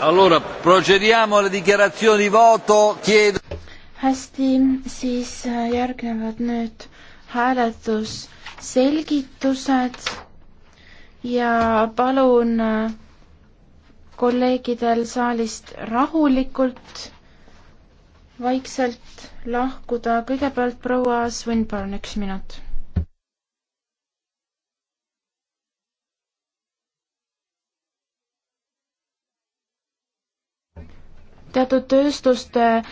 Allora, procediamo alle dichiarazioni di voto. Chiedo... hästi, siis äh, järgnevad nüüd hääletusselgitused ja palun äh, kolleegidel saalist rahulikult vaikselt lahkuda. kõigepealt proua Swinburne, üks minut teatud tööstuste äh,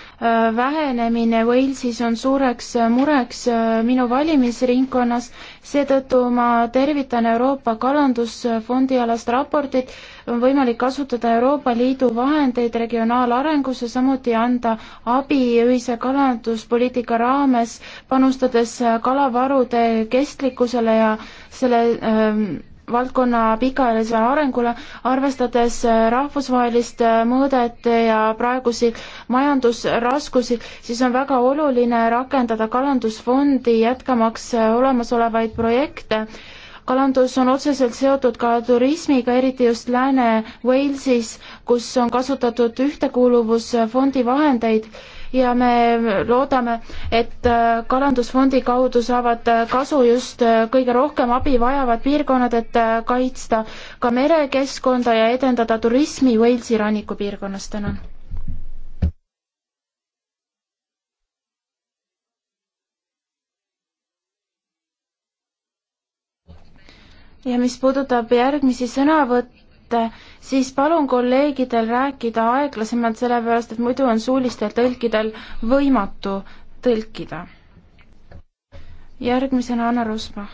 vähenemine Walesis on suureks äh, mureks äh, minu valimisringkonnas, seetõttu ma tervitan Euroopa Kalandusfondi alast raportit, on võimalik kasutada Euroopa Liidu vahendeid regionaalarengus ja samuti anda abi ühise kalanduspoliitika raames, panustades kalavarude kestlikkusele ja selle ähm, valdkonna pikaajalisele arengule, arvestades äh, rahvusvahelist äh, mõõdet ja praegusi majandusraskusi, siis on väga oluline rakendada kalandusfondi, jätkamaks äh, olemasolevaid projekte. kalandus on otseselt seotud ka turismiga, eriti just Lääne-Walesis, kus on kasutatud ühtekuuluvusfondi vahendeid ja me loodame, et äh, kalandusfondi kaudu saavad äh, kasu just äh, kõige rohkem abi vajavad piirkonnad, et kaitsta ka merekeskkonda ja edendada turismi Walesi rannikupiirkonnas, tänan. ja mis puudutab järgmisi sõnavõtte, Eh, siis palun kolleegidel rääkida aeglasemalt, sellepärast et muidu on suulistel tõlkidel võimatu tõlkida. järgmisena Anna Rusma.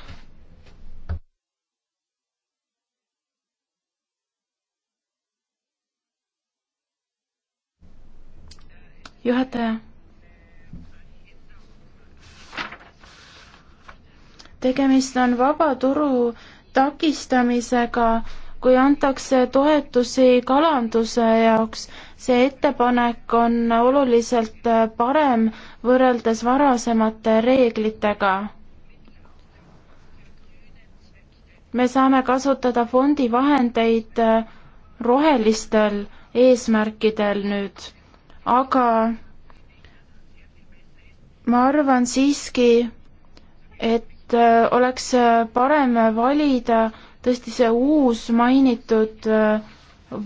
juhataja. tegemist on vaba turu takistamisega kui antakse toetusi kalanduse jaoks, see ettepanek on oluliselt parem võrreldes varasemate reeglitega. me saame kasutada fondi vahendeid rohelistel eesmärkidel nüüd, aga ma arvan siiski, et oleks parem valida tõesti see uus mainitud äh,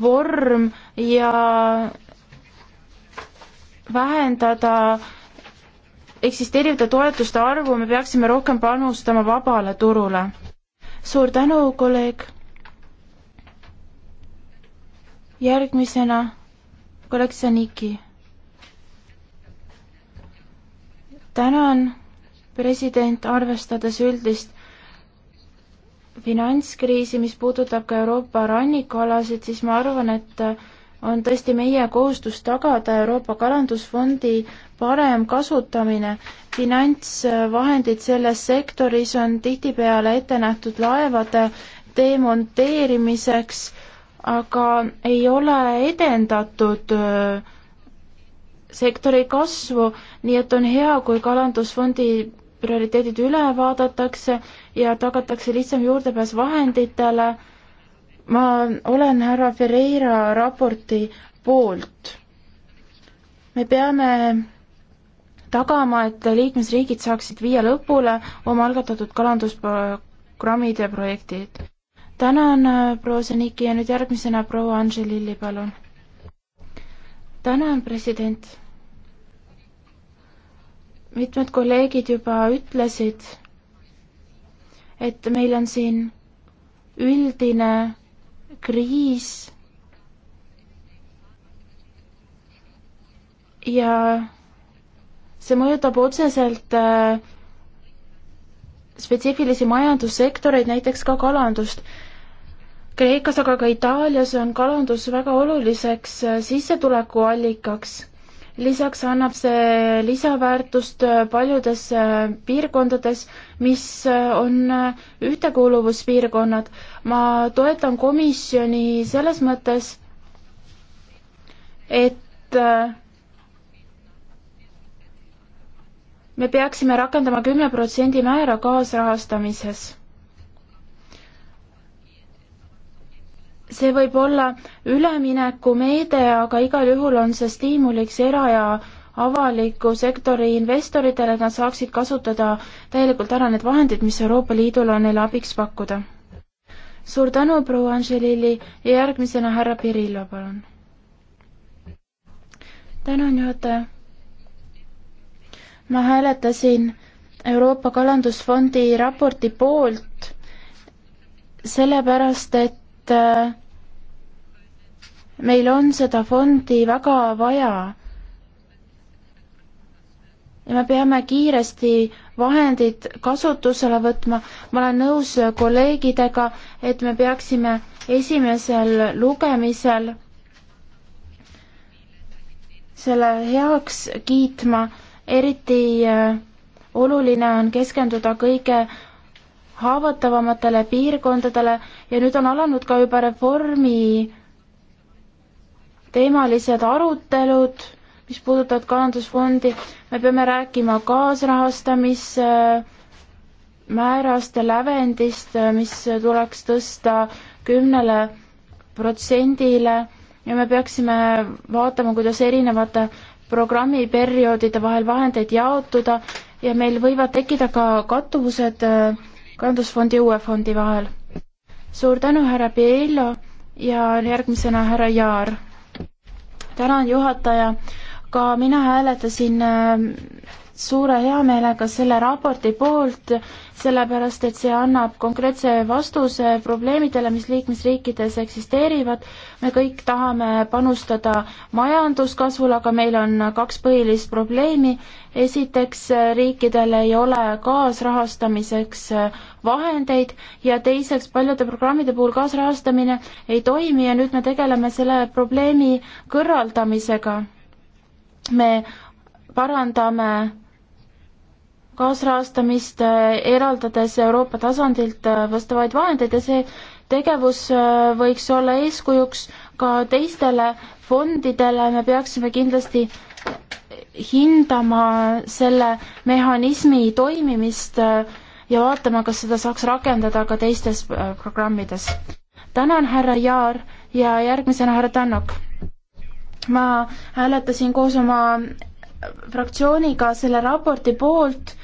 vorm ja vähendada eksisteerivate toetuste arvu, me peaksime rohkem panustama vabale turule. suur tänu, kolleeg. järgmisena kolleeg Saniki. tänan, president, arvestades üldist finantskriisi, mis puudutab ka Euroopa rannikualasid, siis ma arvan, et on tõesti meie kohustus tagada Euroopa Kalandusfondi parem kasutamine. finantsvahendid selles sektoris on tihtipeale ette nähtud laevade demonteerimiseks, aga ei ole edendatud äh, sektori kasvu, nii et on hea, kui kalandusfondi prioriteedid üle vaadatakse ja tagatakse lihtsam juurdepääs vahenditele. ma olen härra Ferreira raporti poolt. me peame tagama, et liikmesriigid saaksid viia lõpule oma algatatud kalandusprogrammid ja projektid. tänan, proua Seniki ja nüüd järgmisena proua Anželilli, palun. tänan, president mitmed kolleegid juba ütlesid, et meil on siin üldine kriis ja see mõjutab otseselt äh, spetsiifilisi majandussektoreid, näiteks ka kalandust. Kreekas, aga ka Itaalias on kalandus väga oluliseks äh, sissetulekuallikaks lisaks annab see lisaväärtust äh, paljudes äh, piirkondades, mis äh, on ühtekuuluvuspiirkonnad. ma toetan komisjoni selles mõttes, et me peaksime rakendama kümne protsendi määra kaasrahastamises see võib olla üleminekumeede, aga igal juhul on see stiimuliks era- ja avaliku sektori investoritele, et nad saaksid kasutada täielikult ära need vahendid, mis Euroopa Liidul on neile abiks pakkuda. suur tänu, proua Anželili ja järgmisena härra Pirillo, palun. tänan, juhataja. ma hääletasin Euroopa Kalandusfondi raporti poolt sellepärast, et et äh, meil on seda fondi väga vaja. ja me peame kiiresti vahendid kasutusele võtma. ma olen nõus kolleegidega, et me peaksime esimesel lugemisel selle heaks kiitma, eriti äh, oluline on keskenduda kõige haavatavamatele piirkondadele ja nüüd on alanud ka juba reformi teemalised arutelud, mis puudutavad kalandusfondi, me peame rääkima kaasrahastamismäärast ja lävendist, mis tuleks tõsta kümnele protsendile ja me peaksime vaatama, kuidas erinevate programmiperioodide vahel vahendeid jaotuda ja meil võivad tekkida ka kattuvused äh, kalandusfondi uue fondi vahel. suur tänu, härra Piello ja järgmisena härra Jaar. tänan, juhataja. ka mina hääletasin äh, suure heameelega selle raporti poolt, sellepärast et see annab konkreetse vastuse probleemidele, mis liikmesriikides eksisteerivad. me kõik tahame panustada majanduskasvule, aga meil on kaks põhilist probleemi. esiteks, riikidel ei ole kaasrahastamiseks vahendeid ja teiseks, paljude programmide puhul kaasrahastamine ei toimi ja nüüd me tegeleme selle probleemi kõrvaldamisega. me parandame kaasrahastamist, eh, eraldades Euroopa tasandilt eh, vastavaid vahendeid ja see tegevus eh, võiks olla eeskujuks ka teistele fondidele, me peaksime kindlasti hindama selle mehhanismi toimimist ja vaatama, kas seda saaks rakendada ka teistes programmides. tänan, härra Jaar ja järgmisena härra Tannok. ma hääletasin koos oma fraktsiooniga selle raporti poolt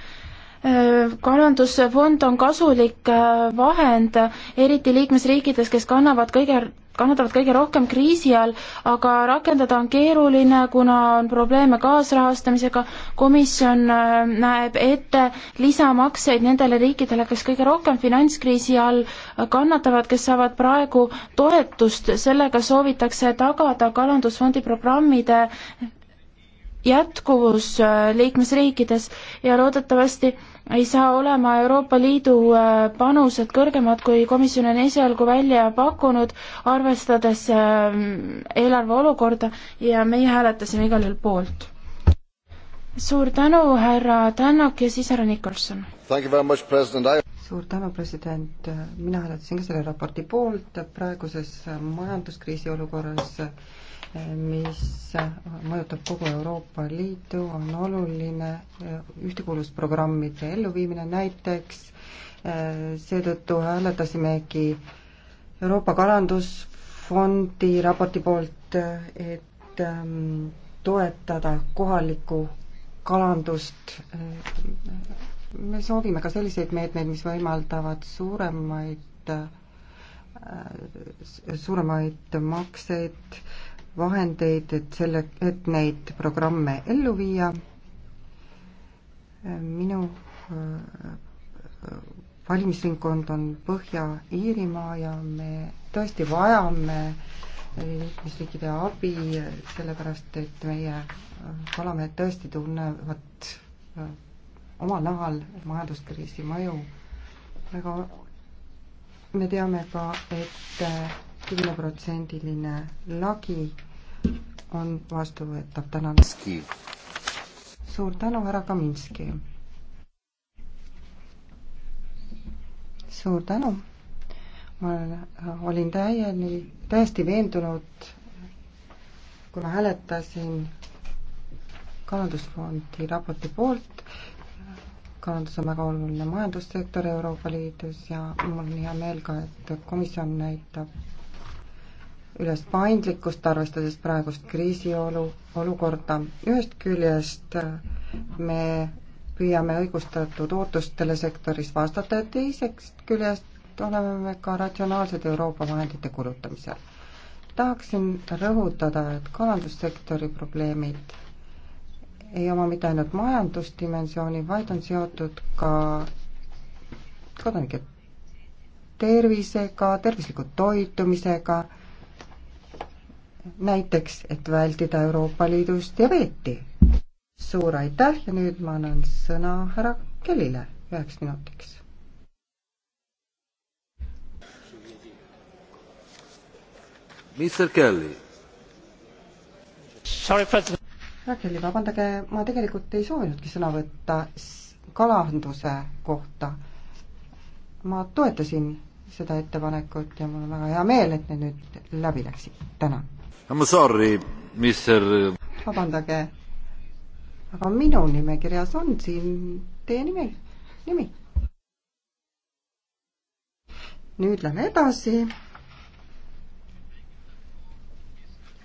kalandusfond on kasulik äh, vahend, eriti liikmesriikides, kes kannavad kõige, kannatavad kõige rohkem kriisi all, aga rakendada on keeruline, kuna on probleeme kaasrahastamisega. komisjon äh, näeb ette lisamakseid nendele riikidele, kes kõige rohkem finantskriisi all äh, kannatavad, kes saavad praegu toetust. sellega soovitakse tagada kalandusfondi programmide jätkuvus liikmesriikides ja loodetavasti ei saa olema Euroopa Liidu äh, panused kõrgemad, kui komisjon on esialgu välja pakkunud, arvestades äh, eelarve olukorda ja meie hääletasime igal juhul poolt. suur tänu, härra Tänak ja siis härra Nikolson. I suur tänu, president, mina hääletasin ka selle raporti poolt praeguses majanduskriisi olukorras, mis mõjutab kogu Euroopa Liitu, on oluline ühtekuuluvusprogrammide elluviimine näiteks, seetõttu hääletasimegi Euroopa Kalandusfondi raporti poolt, et ähm, toetada kohalikku kalandust me soovime ka selliseid meetmeid, mis võimaldavad suuremaid, äh, suuremaid makseid, vahendeid, et selle, et neid programme ellu viia. minu äh, valimisringkond on Põhja-Iirimaa ja me tõesti vajame liikmesriikide abi, sellepärast et meie äh, kalamehed tõesti tunnevad omal nahal majanduskriisi mõju. väga, me teame ka, et äh, kümneprotsendiline lagi on vastuvõetav tänane. suur tänu, härra Kaminski. suur tänu. ma olin täieni, täiesti veendunud, kui ma hääletasin kalandusfondi raporti poolt, kalandus on väga oluline majandussektor Euroopa Liidus ja mul on hea meel ka, et komisjon näitab üles paindlikkust, arvestades praegust kriisiolu, olukorda. ühest küljest me püüame õigustatud ootustele sektoris vastata ja teisest küljest oleme me ka ratsionaalsed Euroopa vahendite kulutamisel. tahaksin rõhutada, et kalandussektori probleemid ei oma mitte ainult majandusdimensiooni, vaid on seotud ka kodanike tervisega, tervisliku toitumisega, näiteks, et vältida Euroopa Liidus diabeeti. suur aitäh ja nüüd ma annan sõna härra Kellile üheks minutiks. Mr Kelly. Sorry, president Rakeli, vabandage, ma tegelikult ei soovinudki sõna võtta kalanduse kohta. ma toetasin seda ettepanekut ja mul on väga hea meel, et need nüüd läbi läksid, tänan. I m sorry, mister. vabandage, aga minu nimekirjas on siin teie nime, nimi. nüüd lähme edasi.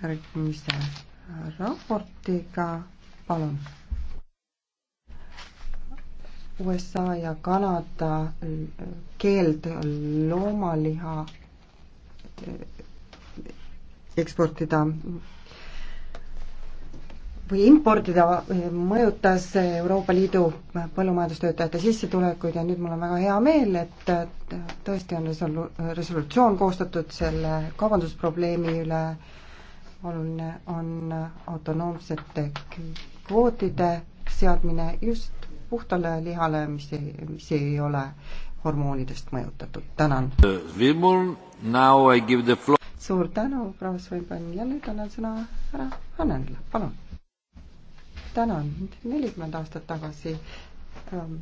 järgmise raportiga, palun. USA ja Kanada keeld loomaliha eksportida või importida mõjutas Euroopa Liidu põllumajandustöötajate sissetulekuid ja nüüd mul on väga hea meel, et tõesti on resolu-, resolutsioon koostatud selle kaubandusprobleemi üle oluline on autonoomsete kvootide seadmine just puhtale lihale, mis ei, mis ei ole hormoonidest mõjutatud. tänan. suur tänu, proua Svenben ja nüüd annan sõna härra Hannele, palun. tänan, nelikümmend aastat tagasi ähm,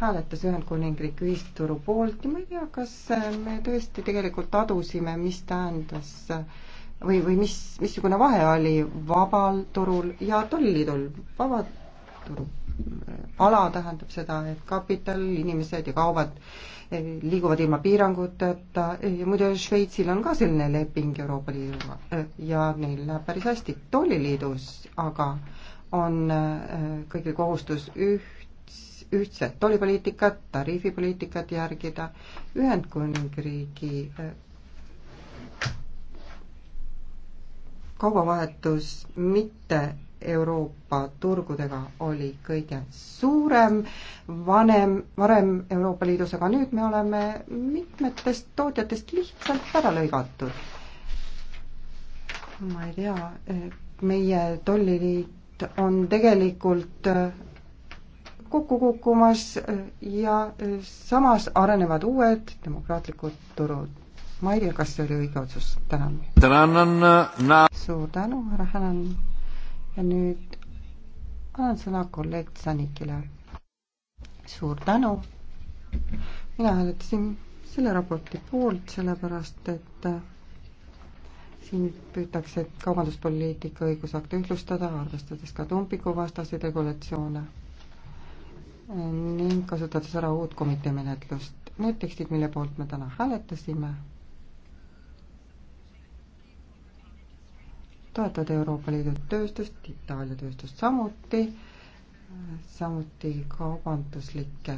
hääletas Ühendkuningriik ühisturu poolt ja ma ei tea, kas äh, me tõesti tegelikult adusime, mis tähendas äh, või, või mis, missugune vahe oli vabal turul ja tolliliidul, vaba turu ala tähendab seda, et kapital, inimesed ja kaubad eh, liiguvad ilma piiranguteta ja muide Šveitsil on ka selline leping Euroopa Liiduga eh, ja neil läheb päris hästi tolliliidus, aga on eh, kõigil kohustus üht, ühtset tollipoliitikat, tariifipoliitikat järgida. Ühendkuningriigi kaubavahetus mitte Euroopa turgudega oli kõige suurem, vanem, varem Euroopa Liidus, aga nüüd me oleme mitmetest tootjatest lihtsalt ära lõigatud. ma ei tea, meie tolliliit on tegelikult äh, kokku kukkumas äh, ja äh, samas arenevad uued demokraatlikud turud ma ei tea, kas see oli õige otsus, tänan. tänan, Anna. Äh, suur tänu, härra Hänan. ja nüüd annan sõna kolleeg Tsanikile. suur tänu. mina hääletasin selle raporti poolt, sellepärast et äh, siin püütakse kaubanduspoliitika õigusakte ühtlustada, arvestades ka tumbikuvastaseid regulatsioone äh, ning kasutades ära uut komitee menetlust. Need tekstid, mille poolt me täna hääletasime toetada Euroopa Liidu tööstust, Itaalia tööstust samuti, samuti kaubanduslikke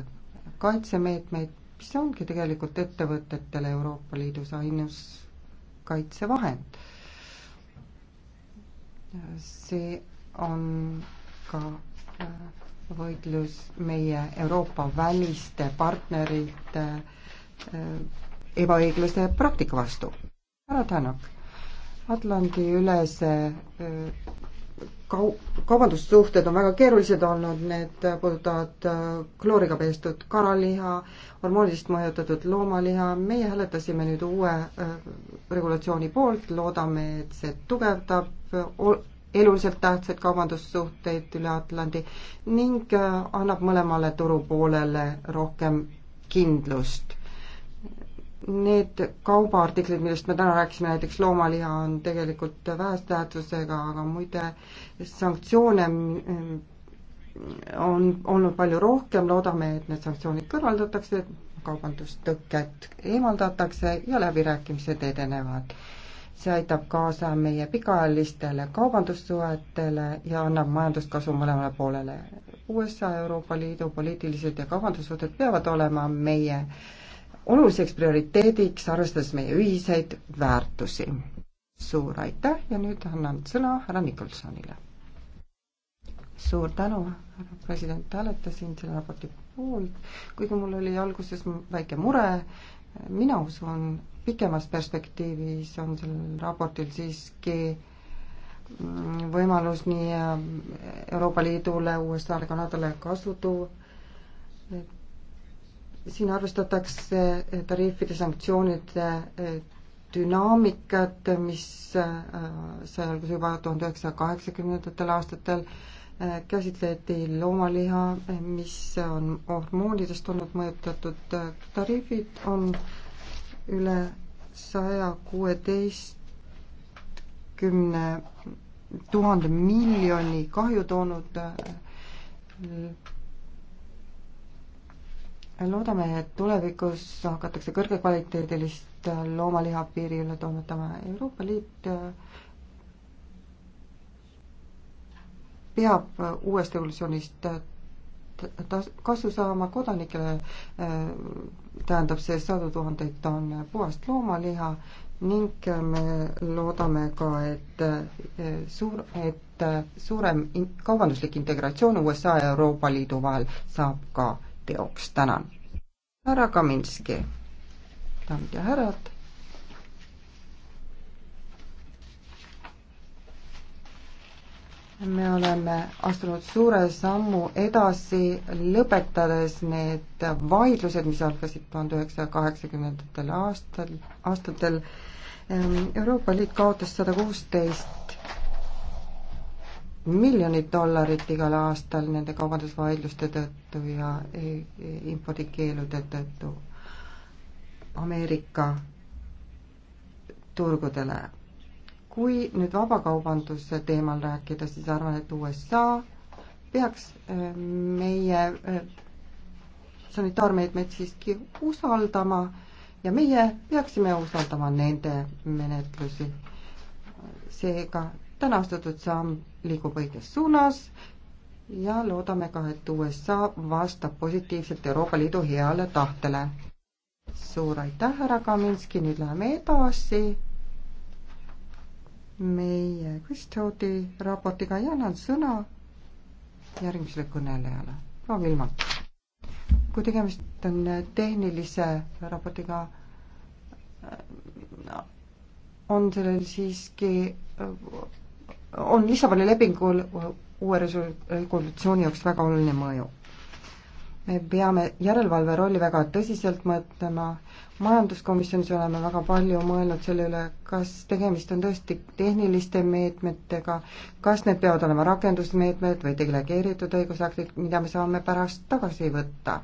kaitsemeetmeid, mis ongi tegelikult ettevõtetele Euroopa Liidus ainus kaitsevahend. see on ka äh, võitlus meie Euroopa väliste partnerite äh, ebaõiglase praktika vastu. härra Tänak Atlandi-ülese äh, kau-, kaubandussuhted on väga keerulised olnud, need puudutavad äh, klooriga pestud kanaliha, hormoonidest mõjutatud loomaliha, meie hääletasime nüüd uue äh, regulatsiooni poolt, loodame, et see tugevdab eluliselt tähtsaid kaubandussuhteid üle Atlandi ning annab mõlemale turupoolele rohkem kindlust need kaubaartiklid, millest me täna rääkisime, näiteks loomaliha on tegelikult vähese tähtsusega, aga muide sanktsioone mm, on olnud palju rohkem, loodame, et need sanktsioonid kõrvaldatakse, kaubandustõkked eemaldatakse ja läbirääkimised edenevad. see aitab kaasa meie pikaajalistele kaubandussuhetele ja annab majanduskasu mõlemale poolele. USA, Euroopa Liidu poliitilised ja kaubandussuhted peavad olema meie äh, oluliseks prioriteediks, arvestades meie ühiseid väärtusi. suur aitäh ja nüüd annan sõna härra Nikolsonile. suur tänu, härra president, hääletasin selle raporti poolt, kuigi mul oli alguses väike mure, mina usun, pikemas perspektiivis on sellel raportil siiski mm, võimalus nii äh, Euroopa Liidule, USA-le, Kanadale kasu tuua, et siin arvestatakse eh, tariifide sanktsioonide eh, dünaamikat, mis eh, sai alguse juba tuhande üheksasaja kaheksakümnendatel aastatel, käsitleti loomaliha, mis on hormoonidest olnud mõjutatud, tariifid on üle saja kuueteistkümne tuhande miljoni kahju toonud loodame, et tulevikus hakatakse kõrgekvaliteedilist loomaliha piirile toimetama. Euroopa Liit äh, peab äh, uuest revolutsioonist äh, tas-, kasu saama kodanikele, tähendab see sadu tuhandeid tonne puhast loomaliha ning me loodame ka, et suur, et suurem in-, kaubanduslik integratsioon USA ja Euroopa Liidu vahel saab ka teoks, tänan. härra Kaminski, daamid ja härrad. me oleme astunud suure sammu edasi, lõpetades need vaidlused, mis algasid tuhande üheksasaja kaheksakümnendatel aastal, aastatel. Ehm, Euroopa Liit kaotas sada kuusteist miljonit dollarit igal aastal nende kaubandusvaidluste tõttu ja e, e, impordikeelude tõttu Ameerika turgudele. kui nüüd vabakaubanduse teemal rääkida, siis arvan, et USA peaks e, meie sanitaarmeetmeid siiski usaldama ja meie peaksime usaldama nende menetlusi. seega täna astutud samm liigub õiges suunas ja loodame ka, et USA vastab positiivselt Euroopa Liidu heale tahtele. suur aitäh, härra Kaminski, nüüd läheme edasi meie Kristoti raportiga ja annan sõna järgmisele kõnelejale, proua Vilmat. kui tegemist on tehnilise raportiga, on sellel siiski on Lissaboni lepingul uue resolutsiooni jaoks väga oluline mõju. me peame järelevalve rolli väga tõsiselt mõtlema, majanduskomisjonis oleme väga palju mõelnud selle üle, kas tegemist on tõesti tehniliste meetmetega, kas need peavad olema rakendusmeetmed või delegeeritud õigusaktid, mida me saame pärast tagasi võtta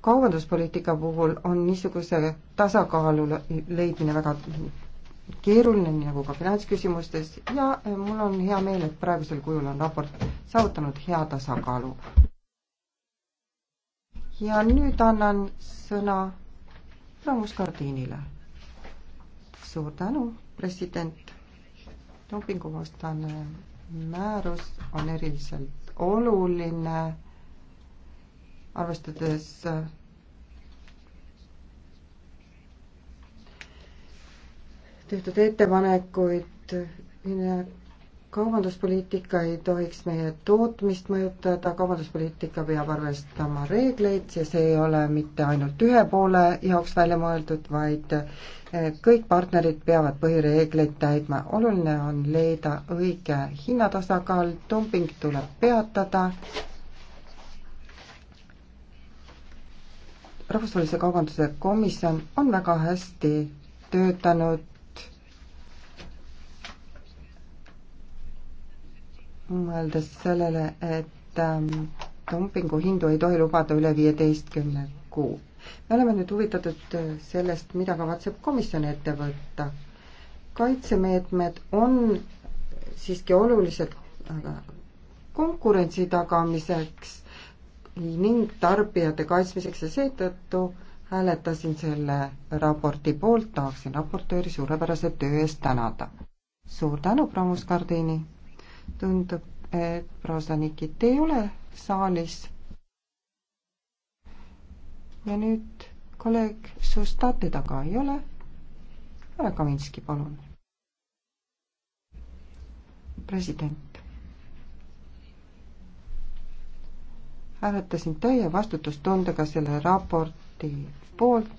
kaubanduspoliitika puhul on niisuguse tasakaalu leidmine väga keeruline, nii nagu ka finantsküsimustes ja eh, mul on hea meel, et praegusel kujul on raport saavutanud hea tasakaalu. ja nüüd annan sõna Ramos Kardiinile. suur tänu, president. dopinguvastane määrus on eriliselt oluline, arvestades eh, tehtud ettepanekuid, milline kaubanduspoliitika ei tohiks meie tootmist mõjutada, kaubanduspoliitika peab arvestama reegleid ja see ei ole mitte ainult ühe poole jaoks välja mõeldud, vaid eh, kõik partnerid peavad põhireegleid täitma. oluline on leida õige hinnatasakaal, dumping tuleb peatada. rahvusvahelise kaubanduse komisjon on väga hästi töötanud mõeldes sellele, et ähm, dumpinguhindu ei tohi lubada üle viieteistkümne kuu. me oleme nüüd huvitatud äh, sellest, mida kavatseb komisjon ette võtta. kaitsemeetmed on siiski olulised konkurentsi tagamiseks ning tarbijate kaitsmiseks ja seetõttu hääletasin selle raporti poolt, tahaksin raportööri suurepärase töö eest tänada. suur tänu, proua Muskardini! tundub, et Prosanikit ei ole saalis. ja nüüd kolleeg Sustat, teda ka ei ole. härra Kaminski, palun. president. hääletasin täie vastutustundega selle raporti poolt.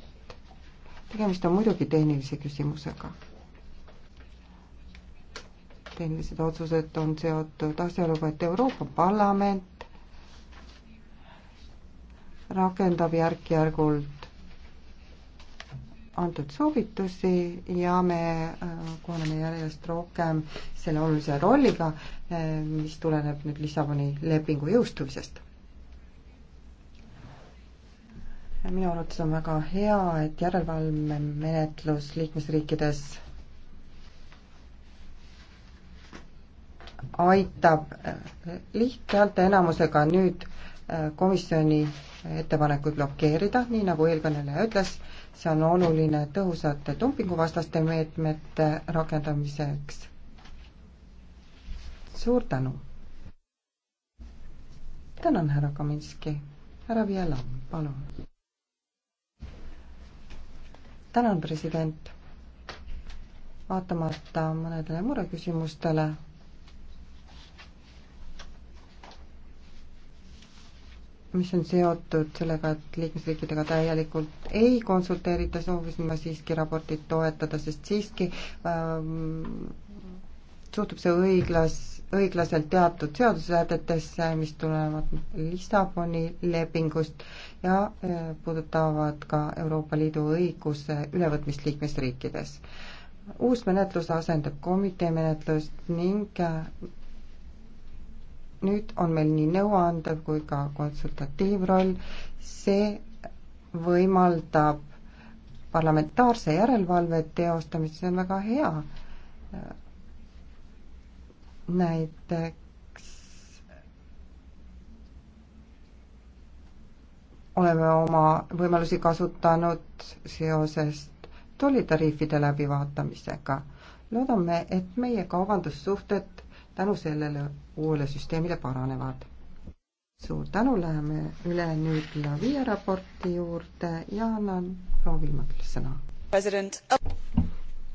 tegemist on muidugi tehnilise küsimusega sellised otsused on seotud asjaoluga, et Euroopa Parlament rakendab järk-järgult antud soovitusi ja me äh, kohaneme järjest rohkem selle olulise rolliga, äh, mis tuleneb nüüd Lissaboni lepingu jõustumisest. minu arvates on väga hea, et järelevalvemenetlus liikmesriikides aitab äh, lihthäälte enamusega nüüd äh, komisjoni ettepanekuid blokeerida, nii nagu eelkõneleja ütles, see on oluline tõhusate dumpinguvastaste meetmete rakendamiseks. suur tänu! tänan, härra Kaminski. härra Vielam, palun. tänan, president. vaatamata mõnedele mureküsimustele mis on seotud sellega, et liikmesriikidega täielikult ei konsulteerita, soovisin ma siiski raportit toetada, sest siiski ähm, suhtub see õiglas, õiglaselt teatud seadusesätetesse, mis tulevad Lissaboni lepingust ja äh, puudutavad ka Euroopa Liidu õiguse ülevõtmist liikmesriikides. uus menetlus asendab komitee menetlust ning äh, nüüd on meil nii nõuandev kui ka konsultatiivroll, see võimaldab parlamentaarse järelevalve teostamist, see on väga hea. näiteks oleme oma võimalusi kasutanud seoses tollitariifide läbivaatamisega. loodame, et meie kaubandussuhted tänu sellele uuele süsteemile paranevad. suur tänu, läheme üle nüüd La Via raporti juurde ja annan proua Vilmatile sõna.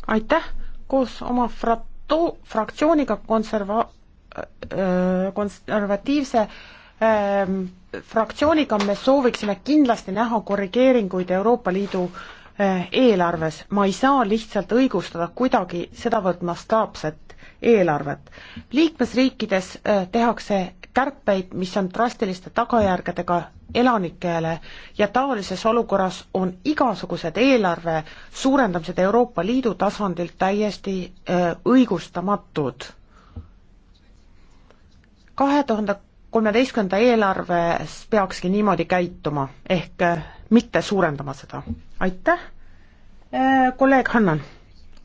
aitäh, koos oma frato-, fraktsiooniga konserva-, äh, konservatiivse äh, fraktsiooniga me sooviksime kindlasti näha korrigeeringuid Euroopa Liidu äh, eelarves, ma ei saa lihtsalt õigustada kuidagi sedavõrd mastaapset eelarvet. liikmesriikides äh, tehakse kärpeid, mis on drastiliste tagajärgedega elanikele ja taolises olukorras on igasugused eelarve suurendamised Euroopa Liidu tasandil täiesti äh, õigustamatud. kahe tuhande kolmeteistkümnenda eelarves peakski niimoodi käituma, ehk äh, mitte suurendama seda. aitäh, kolleeg Hannan!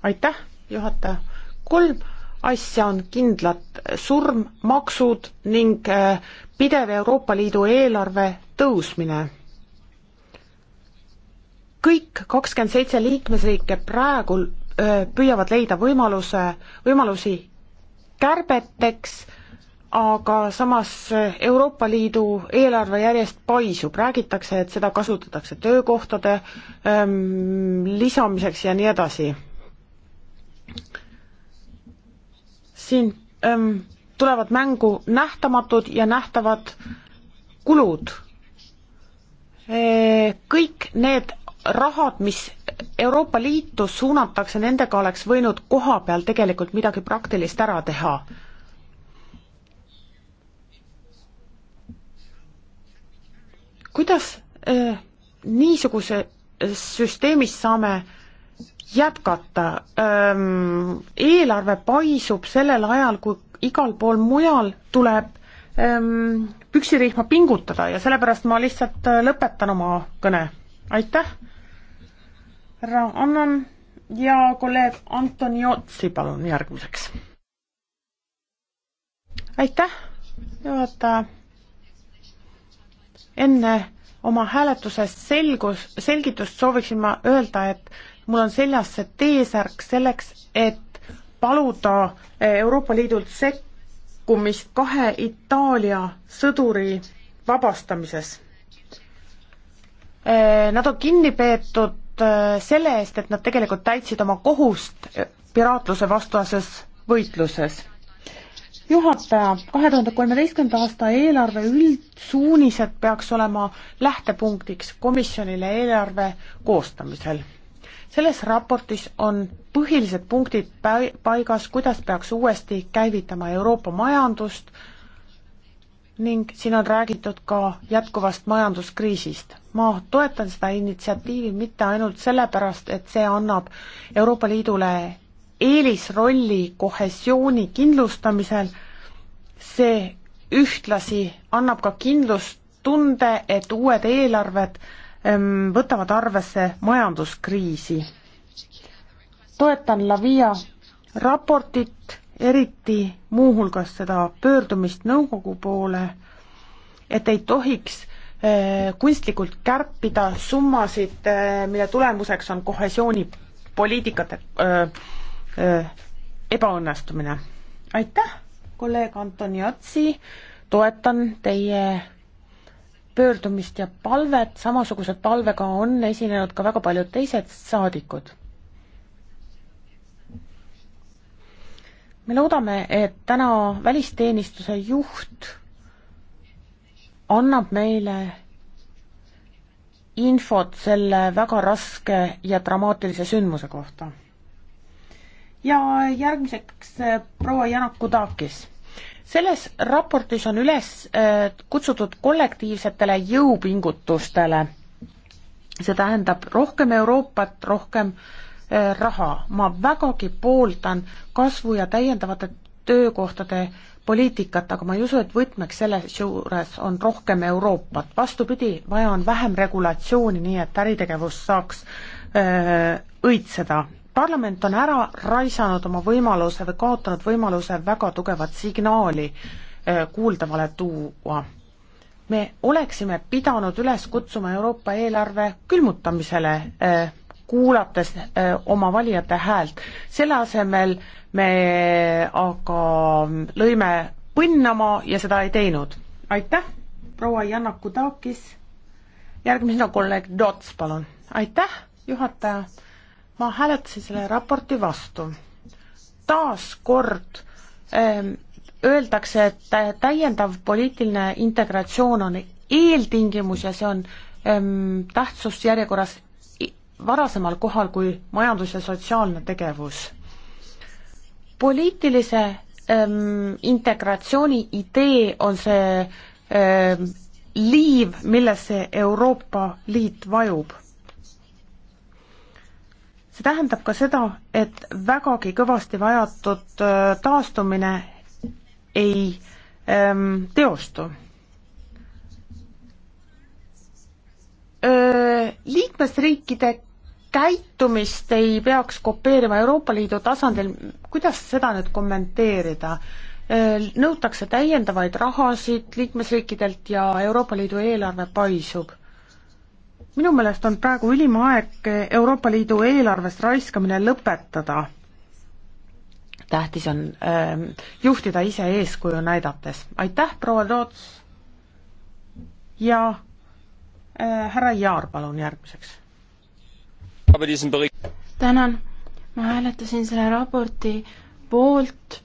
aitäh, juhataja! kolm asja on kindlad surm, maksud ning äh, pidev Euroopa Liidu eelarve tõusmine. kõik kakskümmend seitse liikmesriike praegu äh, püüavad leida võimaluse, võimalusi kärbeteks, aga samas äh, Euroopa Liidu eelarve järjest paisub, räägitakse, et seda kasutatakse töökohtade öö, ähm, lisamiseks ja nii edasi siin ähm, tulevad mängu nähtamatud ja nähtavad kulud. kõik need rahad, mis Euroopa Liitu suunatakse, nendega oleks võinud koha peal tegelikult midagi praktilist ära teha. kuidas äh, niisuguse süsteemis saame äh, jätkata. eelarve paisub sellel ajal, kui igal pool mujal tuleb püksirihma pingutada ja sellepärast ma lihtsalt äh, lõpetan oma kõne. aitäh, härra Annan ja kolleeg Anton Jotsi, palun järgmiseks. aitäh, juhataja. enne oma hääletuses selgus, selgitust sooviksin ma öelda, et mul on seljas see T-särk selleks, et paluda eh, Euroopa Liidult sekkumist kahe Itaalia sõduri vabastamises. Eh, nad on kinni peetud eh, selle eest, et nad tegelikult täitsid oma kohust piraatluse vastases võitluses juhataja, kahe tuhande kolmeteistkümnenda aasta eelarve üldsuunised peaks olema lähtepunktiks komisjonile eelarve koostamisel selles raportis on põhilised punktid paigas, kuidas peaks uuesti käivitama Euroopa majandust ning siin on räägitud ka jätkuvast majanduskriisist. ma toetan seda initsiatiivi mitte ainult sellepärast, et see annab Euroopa Liidule eelisrolli kohesiooni kindlustamisel, see ühtlasi annab ka kindlustunde, et uued eelarved äh, võtavad arvesse majanduskriisi. toetan Lavia raportit, eriti muuhulgas seda pöördumist nõukogu poole, et ei tohiks eh, kunstlikult kärpida summasid, eh, mille tulemuseks on kohesioonipoliitikate eh, ebaõnnestumine. aitäh, kolleeg Antoni Otsi, toetan teie pöördumist ja palvet, samasuguse palvega on esinenud ka väga paljud teised saadikud. me loodame, et täna välisteenistuse juht annab meile infot selle väga raske ja dramaatilise sündmuse kohta. ja järgmiseks proua Janak Kudakis selles raportis on üles äh, kutsutud kollektiivsetele jõupingutustele. see tähendab rohkem Euroopat, rohkem äh, raha. ma vägagi pooldan kasvu ja täiendavate töökohtade poliitikat, aga ma ei usu, et võtmeks selles juures on rohkem Euroopat. vastupidi, vaja on vähem regulatsiooni, nii et äritegevus saaks öö, äh, õitseda parlament on ära raisanud oma võimaluse või kaotanud võimaluse väga tugevat signaali äh, kuuldavale tuua. me oleksime pidanud üles kutsuma Euroopa eelarve külmutamisele, äh, kuulates äh, oma valijate häält, selle asemel me aga lõime põnnama ja seda ei teinud. aitäh, proua Jannaku Taakis, järgmisena kolleeg Dots, palun. aitäh, juhataja ma hääletasin selle raporti vastu. taas kord öö, ähm, öeldakse, et täiendav poliitiline integratsioon on eeltingimus ja see on öö, ähm, tähtsusjärjekorras varasemal kohal kui majandus- ja sotsiaalne tegevus. poliitilise öö, ähm, integratsiooni idee on see öö, liiv, millesse Euroopa Liit vajub see tähendab ka seda, et vägagi kõvasti vajatud äh, taastumine ei ähm, teostu. liikmesriikide käitumist ei peaks kopeerima Euroopa Liidu tasandil, kuidas seda nüüd kommenteerida? nõutakse täiendavaid rahasid liikmesriikidelt ja Euroopa Liidu eelarve paisub minu meelest on praegu ülim aeg Euroopa Liidu eelarvest raiskamine lõpetada. tähtis on äh, juhtida ise eeskuju näidates. aitäh, proua Toots ja äh, härra Jaar, palun järgmiseks. tänan, ma hääletasin selle raporti poolt,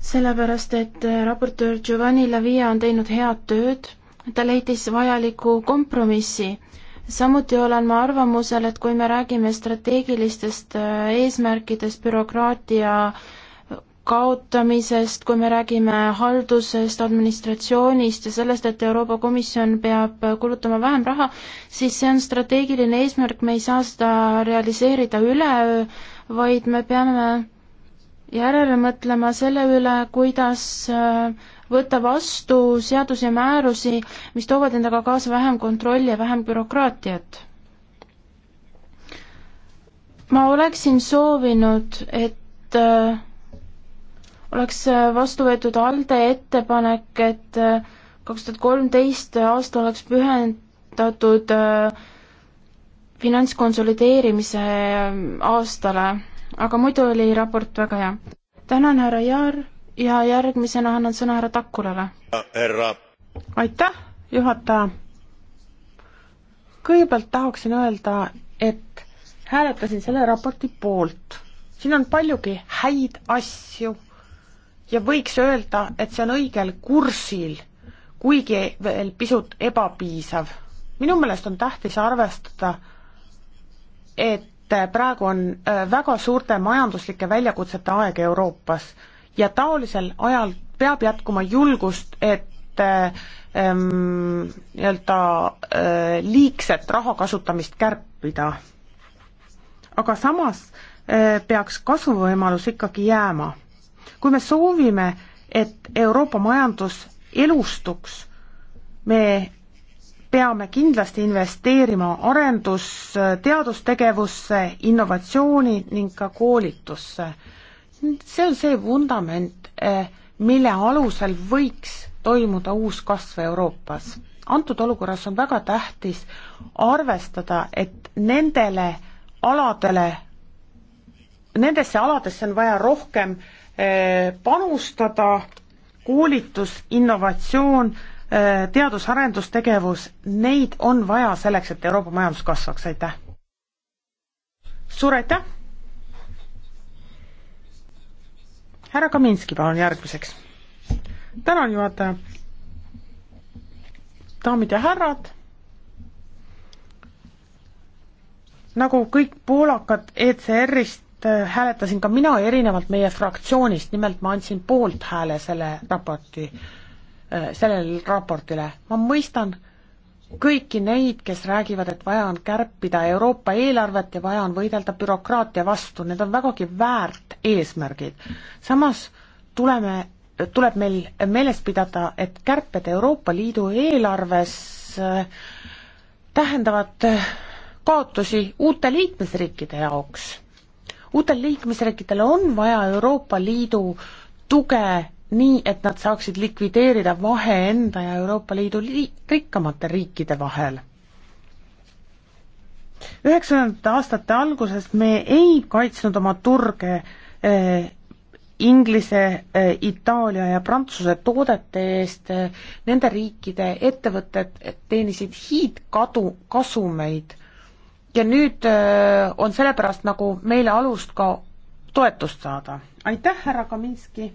sellepärast et äh, raportöör Giovanni Lavia on teinud head tööd, ta leidis vajaliku kompromissi samuti olen ma arvamusel, et kui me räägime strateegilistest äh, eesmärkidest, bürokraatia kaotamisest, kui me räägime haldusest, administratsioonist ja sellest, et Euroopa Komisjon peab äh, kulutama vähem raha, siis see on strateegiline eesmärk, me ei saa seda realiseerida üleöö, vaid me peame järele mõtlema selle üle, kuidas äh, võtta vastu seadusi ja määrusi, mis toovad endaga kaasa vähem kontrolli ja vähem bürokraatiat. ma oleksin soovinud, et äh, oleks äh, vastu võetud ALDE ettepanek, et äh, kaks tuhat kolmteist aasta oleks pühendatud finantskonsolideerimise aastale, aga muidu oli raport väga hea. tänan, härra Jaar ja järgmisena annan sõna härra Takulale. härra. aitäh, juhataja. kõigepealt tahaksin öelda, et hääletasin selle raporti poolt. siin on paljugi häid asju ja võiks öelda, et see on õigel kursil, kuigi veel pisut ebapiisav. minu meelest on tähtis arvestada, et praegu on äh, väga suurte majanduslike väljakutsete aeg Euroopas ja taolisel ajal peab jätkuma julgust, et ähm, nii-öelda äh, liigset raha kasutamist kärpida. aga samas äh, peaks kasvuvõimalus ikkagi jääma. kui me soovime, et Euroopa majandus elustuks, me peame kindlasti investeerima arendus, teadustegevusse, innovatsiooni ning ka koolitusse see on see vundament, eh, mille alusel võiks toimuda uus kasv Euroopas. antud olukorras on väga tähtis arvestada, et nendele aladele, nendesse aladesse on vaja rohkem eh, panustada, koolitus, innovatsioon, eh, teadus-arendustegevus, neid on vaja selleks, et Euroopa majandus kasvaks, aitäh! suur aitäh! härra Kaminski, palun järgmiseks. tänan, juhataja. daamid ja härrad, nagu kõik poolakad ECR-ist äh, hääletasin ka mina erinevalt meie fraktsioonist, nimelt ma andsin poolthääle selle raporti, äh, sellele raportile. ma mõistan kõiki neid, kes räägivad, et vaja on kärpida Euroopa eelarvet ja vaja on võidelda bürokraatia vastu, need on vägagi väärt eesmärgid. samas tuleme, tuleb meil meeles pidada, et kärped Euroopa Liidu eelarves äh, tähendavad äh, kaotusi uute liikmesriikide jaoks. uutel liikmesriikidel on vaja Euroopa Liidu tuge nii, et nad saaksid likvideerida vahe enda ja Euroopa Liidu li-, rikkamate riikide vahel. üheksakümnendate aastate alguses me ei kaitsnud oma turge eh, Inglise eh,, Itaalia ja Prantsuse toodete eest eh,, nende riikide ettevõtted teenisid hiidkadu, kasumeid ja nüüd eh, on sellepärast nagu meile alust ka toetust saada. aitäh, härra Kaminski!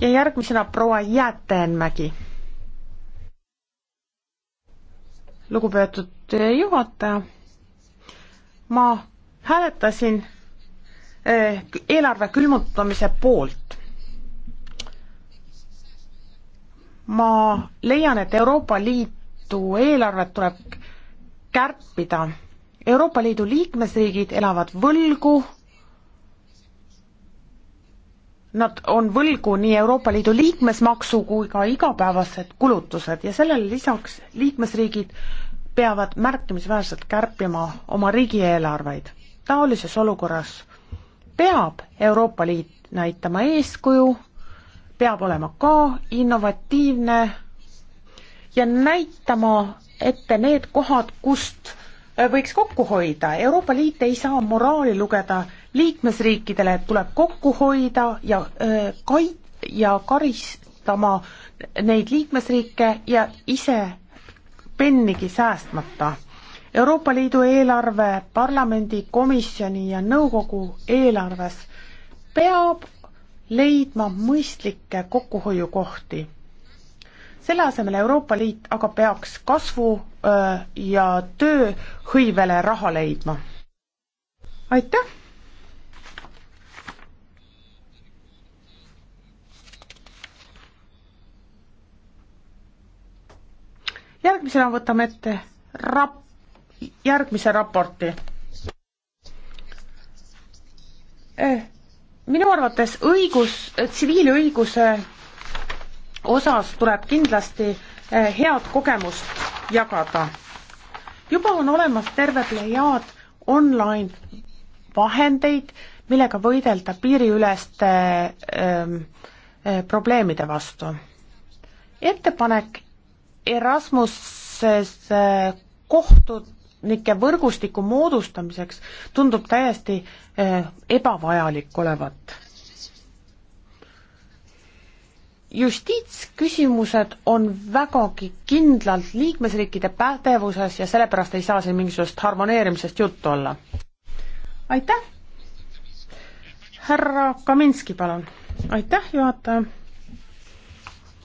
ja järgmisena proua Jääteenmägi. lugupeetud juhataja, ma hääletasin eh, eelarve külmutamise poolt. ma leian, et Euroopa Liidu eelarvet tuleb kärpida. Euroopa Liidu liikmesriigid elavad võlgu nad on võlgu nii Euroopa Liidu liikmesmaksu kui ka igapäevased kulutused ja sellele lisaks liikmesriigid peavad märkimisväärselt kärpima oma riigieelarveid. taolises olukorras peab Euroopa Liit näitama eeskuju, peab olema ka innovatiivne ja näitama ette need kohad, kust võiks kokku hoida, Euroopa Liit ei saa moraali lugeda liikmesriikidele tuleb kokku hoida ja öö, kait- ja karistama neid liikmesriike ja ise pennigi säästmata. Euroopa Liidu eelarve, parlamendi, komisjoni ja nõukogu eelarves peab leidma mõistlikke kokkuhoiukohti. selle asemel Euroopa Liit aga peaks kasvu öö, ja tööhõivele raha leidma. aitäh! järgmisena võtame ette rap-, järgmise raporti eh,. minu arvates õigus, eh, tsiviilõiguse osas tuleb kindlasti eh, head kogemust jagada. juba on olemas terve plejaad online vahendeid, millega võidelda piiriüleste ehm, eh, probleemide vastu. ettepanek Erasmuses eh, kohtunike võrgustiku moodustamiseks tundub täiesti eh, ebavajalik olevat. justiitsküsimused on vägagi kindlalt liikmesriikide pädevuses ja sellepärast ei saa siin mingisugust harmoneerimisest juttu olla. aitäh! härra Kaminski, palun. aitäh, juhataja.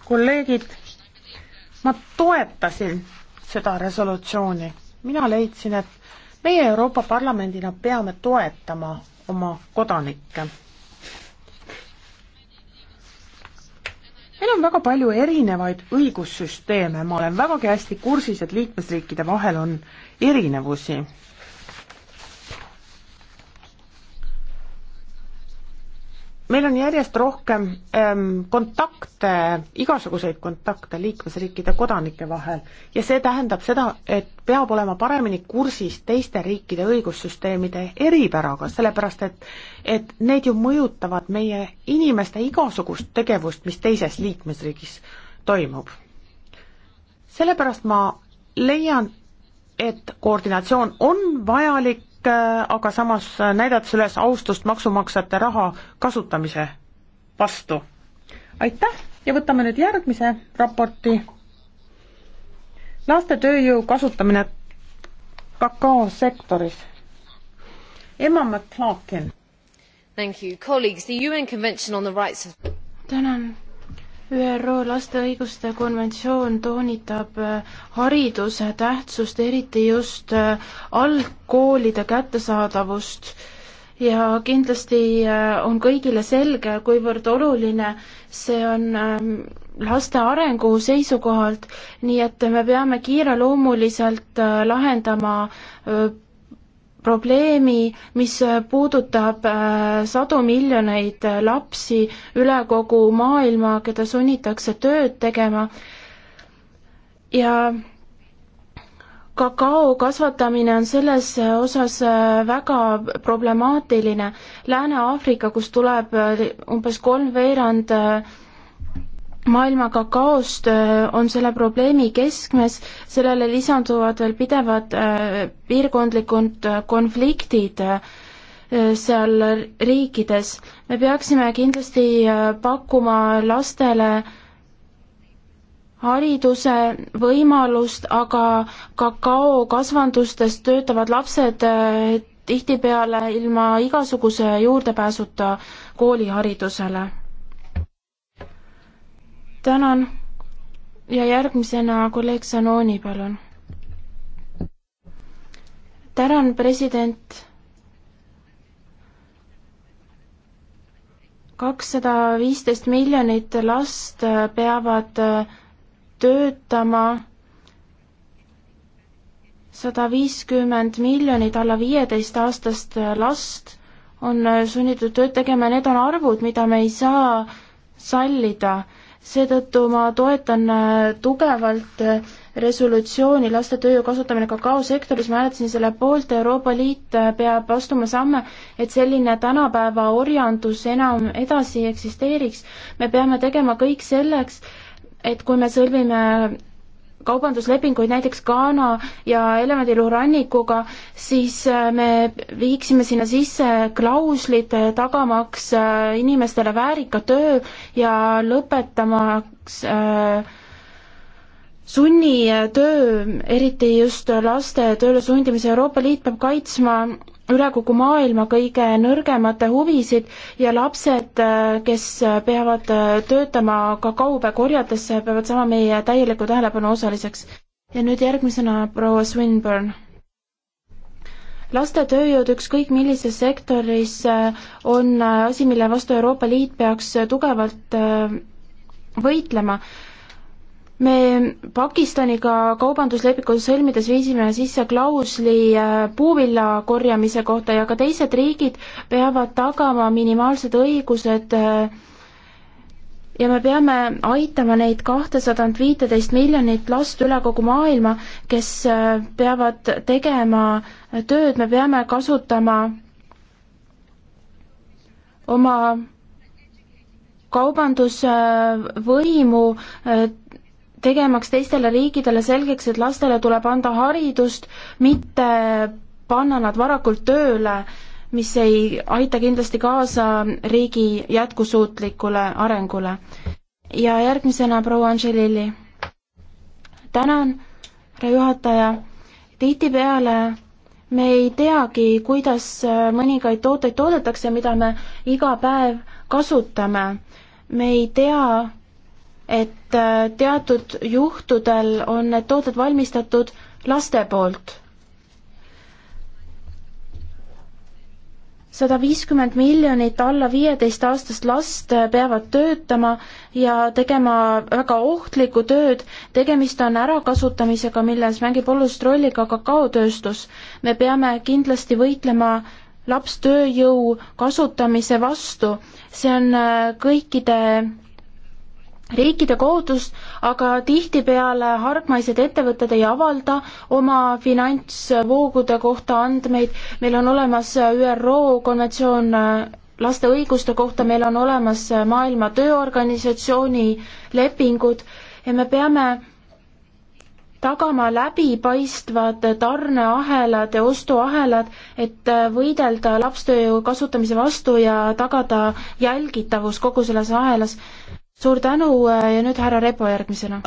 kolleegid ma toetasin seda resolutsiooni, mina leidsin, et meie Euroopa Parlamendina peame toetama oma kodanikke. meil on väga palju erinevaid õigussüsteeme, ma olen vägagi hästi kursis, et liikmesriikide vahel on erinevusi meil on järjest rohkem ähm, kontakte, igasuguseid kontakte liikmesriikide kodanike vahel ja see tähendab seda, et peab olema paremini kursis teiste riikide õigussüsteemide eripäraga, sellepärast et et need ju mõjutavad meie inimeste igasugust tegevust, mis teises liikmesriigis toimub. sellepärast ma leian, et koordinatsioon on vajalik aga samas näidates üles austust maksumaksjate raha kasutamise vastu. aitäh ja võtame nüüd järgmise raporti. laste tööjõu kasutamine kakaosektoris. Emma McClarkin. tänan ÜRO laste õiguste konventsioon toonitab äh, hariduse tähtsust, eriti just äh, algkoolide kättesaadavust ja kindlasti äh, on kõigile selge, kuivõrd oluline see on ähm, laste arengu seisukohalt, nii et me peame kiireloomuliselt lahendama probleemi, mis puudutab äh, sadu miljoneid äh, lapsi üle kogu maailma, keda sunnitakse tööd tegema ja kakao kasvatamine on selles äh, osas väga problemaatiline. Lääne-Aafrika, kust tuleb umbes kolmveerand maailma kakaotöö äh, on selle probleemi keskmes, sellele lisanduvad veel pidevad äh, piirkondlikud äh, konfliktid seal riikides. me peaksime kindlasti pakkuma lastele hariduse võimalust, aga kakaokasvandustes töötavad lapsed tihtipeale ilma igasuguse juurdepääsuta kooliharidusele tänan ja järgmisena kolleeg Sanoni, palun. tänan, president. kakssada viisteist miljonit last peavad töötama sada viiskümmend miljonit alla viieteistaastast last on sunnitud tööd tegema ja need on arvud, mida me ei saa sallida seetõttu ma toetan äh, tugevalt äh, resolutsiooni laste tööjõu kasutamine kakaosektoris, ma hääletasin selle poolt, Euroopa Liit äh, peab astuma samme, et selline tänapäeva orjandus enam edasi ei eksisteeriks. me peame tegema kõik selleks, et kui me sõlmime kaubanduslepinguid näiteks Ghana ja Elevandiluhu rannikuga, siis äh, me viiksime sinna sisse klauslid, äh, tagamaks äh, inimestele väärika töö ja lõpetamaks sunnitöö, eriti just laste tööle sundimise, Euroopa Liit peab kaitsma üle kogu maailma kõige nõrgemate huvisid ja lapsed, kes peavad töötama kakaopäe korjatesse, peavad saama meie täieliku tähelepanu osaliseks. ja nüüd järgmisena proua Swinburne laste tööjõud ükskõik millises sektoris on asi, mille vastu Euroopa Liit peaks tugevalt võitlema me Pakistaniga kaubanduslepingut sõlmides viisime sisse klausli äh, puuvilla korjamise kohta ja ka teised riigid peavad tagama minimaalsed õigused äh, ja me peame aitama neid kahtesadat viiteist miljonit last üle kogu maailma, kes äh, peavad tegema tööd, me peame kasutama oma kaubandusvõimu tegemaks teistele riikidele selgeks, et lastele tuleb anda haridust, mitte panna nad varakult tööle, mis ei aita kindlasti kaasa riigi jätkusuutlikule arengule. ja järgmisena proua Anželili. tänan, härra juhataja. tihtipeale me ei teagi, kuidas mõningaid tooteid toodetakse, mida me iga päev kasutame. me ei tea, et äh, teatud juhtudel on need tooted valmistatud laste poolt. sada viiskümmend miljonit alla viieteistaastast last peavad töötama ja tegema väga ohtlikku tööd. tegemist on ärakasutamisega, milles mängib olulist rolli ka kakaotööstus. me peame kindlasti võitlema lapstööjõu kasutamise vastu. see on äh, kõikide riikide kohus aga tihtipeale hargmaised ettevõtted ei avalda oma finantsvoogude kohta andmeid, meil on olemas ÜRO konventsioon äh, laste õiguste kohta, meil on olemas äh, Maailma Tööorganisatsiooni lepingud ja me peame tagama läbipaistvad tarneahelad ja ostuahelad, et äh, võidelda lapstööjõu kasutamise vastu ja tagada jälgitavus kogu selles ahelas suur tänu äh, ja nüüd härra Repo järgmisena.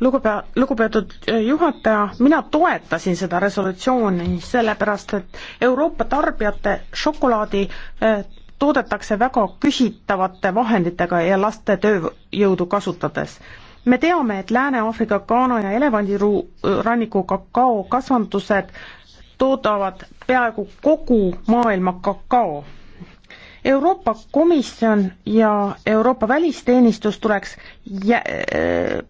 Lugupea-, lugupeetud äh, juhataja, mina toetasin seda resolutsiooni sellepärast, et Euroopa tarbijate šokolaadi äh, toodetakse väga küsitavate vahenditega ja laste tööjõudu kasutades me teame, et Lääne-Aafrika, Ghana ja elevandiruu, ranniku kakaokasvandused toodavad peaaegu kogu maailma kakao Euroopa Komisjon ja Euroopa Välisteenistus tuleks,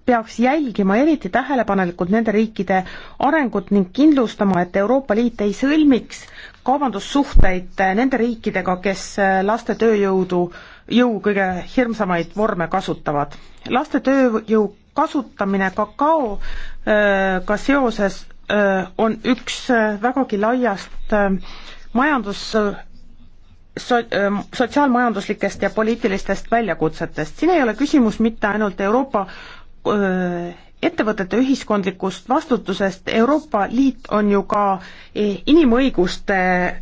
peaks jälgima eriti tähelepanelikult nende riikide arengut ning kindlustama, et Euroopa Liit ei sõlmiks kaubandussuhteid nende riikidega, kes laste tööjõudu, jõu kõige hirmsamaid vorme kasutavad. laste tööjõu kasutamine kakaoga ka seoses on üks äh, vägagi laiast äh, majandus- so-, ähm, sotsiaalmajanduslikest ja poliitilistest väljakutsetest, siin ei ole küsimus mitte ainult Euroopa öö, äh, ettevõtete ühiskondlikust vastutusest, Euroopa Liit on ju ka äh, inimõiguste öö,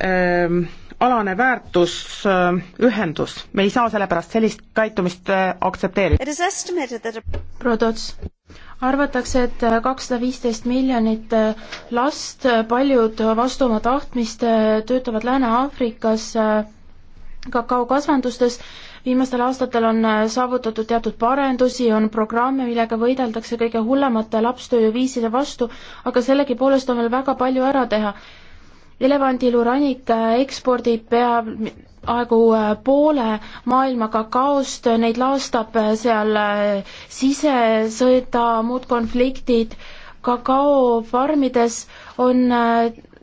ähm, alane väärtusühendus, äh, me ei saa sellepärast sellist käitumist aktsepteerida. Prodots, arvatakse, et kakssada viisteist miljonit last, paljud vastu oma tahtmist töötavad Lääne-Aafrikas äh, kakaokasvandustes. viimastel aastatel on äh, saavutatud teatud parendusi, on programme, millega võideldakse kõige hullemate lapstööviiside vastu, aga sellegipoolest on veel väga palju ära teha. elevandiluurannik äh, ekspordib peaaegu äh, poole maailma kakaost, neid laastab seal sisesõda, muud konfliktid, kakaofarmides on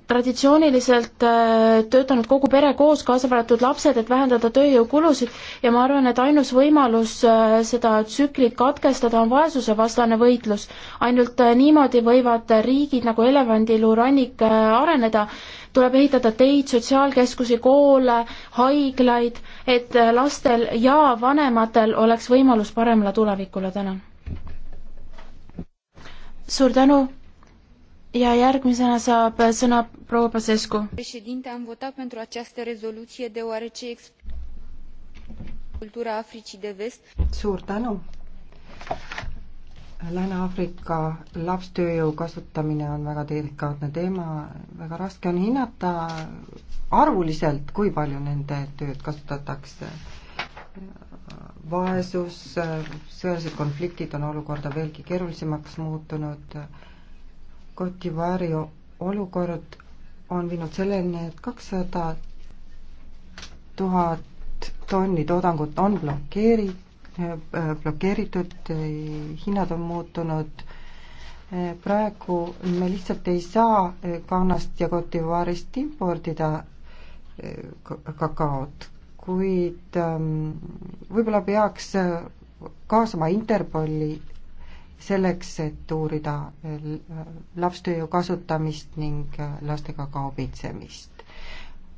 traditsiooniliselt äh, töötanud kogu pere koos, kaasa arvatud lapsed, et vähendada tööjõukulusid ja ma arvan, et ainus võimalus äh, seda tsüklit katkestada on vaesusevastane võitlus. ainult äh, niimoodi võivad riigid nagu elevandiluu rannik areneda, tuleb ehitada teid, sotsiaalkeskusi, koole, haiglaid, et lastel ja vanematel oleks võimalus paremale tulevikule, tänan. suur tänu ja järgmisena saab sõna proua Pasescu. am votat pentru această rezoluție deoarece cultura Africii de vest. suur tänu. Lääne-Aafrika lapstööjõu kasutamine on väga delikaatne teema, väga raske on hinnata arvuliselt, kui palju nende tööd kasutatakse. vaesus, sõjalised konfliktid on olukorda veelgi keerulisemaks muutunud Cote d'Ivoire'i olukord on viinud selleni, et kakssada tuhat tonni toodangut on blokeeri-, blokeeritud, hinnad on muutunud, praegu me lihtsalt ei saa Ghanast ja Cote d'Ivoire'ist importida kakaot, kuid ähm, võib-olla peaks kaasama Interpoli selleks, et uurida äh, lapstööjõu kasutamist ning äh, lastega kaubitsemist.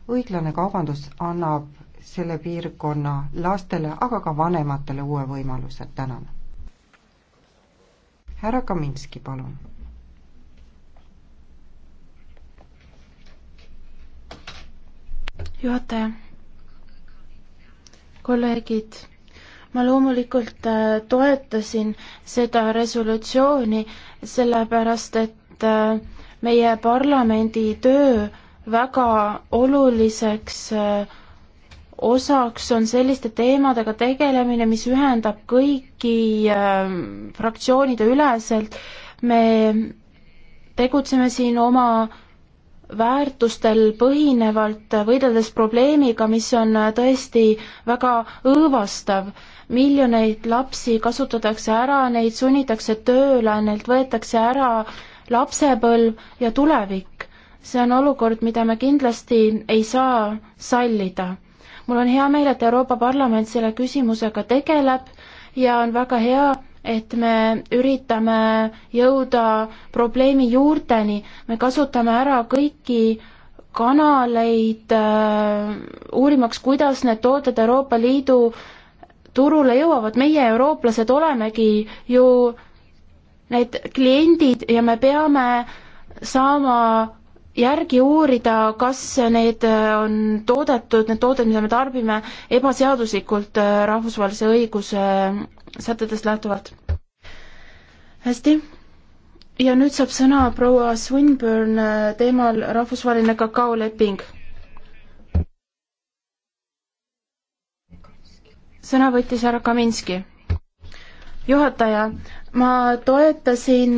õiglane kaubandus annab selle piirkonna lastele, aga ka vanematele uue võimaluse, tänan. härra Kaminski, palun. juhataja, kolleegid ma loomulikult äh, toetasin seda resolutsiooni, sellepärast et äh, meie parlamendi töö väga oluliseks äh, osaks on selliste teemadega tegelemine, mis ühendab kõiki fraktsioonide üleselt. me tegutseme siin oma väärtustel põhinevalt, võideldes probleemiga, mis on tõesti väga õõvastav. miljoneid lapsi kasutatakse ära, neid sunnitakse tööle, neilt võetakse ära lapsepõlv ja tulevik. see on olukord, mida me kindlasti ei saa sallida. mul on hea meel, et Euroopa Parlament selle küsimusega tegeleb ja on väga hea, et me üritame jõuda probleemi juurteni, me kasutame ära kõiki kanaleid äh, uurimaks, kuidas need tooted Euroopa Liidu turule jõuavad, meie, eurooplased, olemegi ju need kliendid ja me peame saama järgi uurida, kas need äh, on toodetud, need tooted, mida me tarbime, ebaseaduslikult äh, rahvusvahelise õiguse äh, sätetest lähtuvalt. hästi. ja nüüd saab sõna proua Swinburne teemal rahvusvaheline kakaoleping. sõna võttis härra Kaminski. juhataja, ma toetasin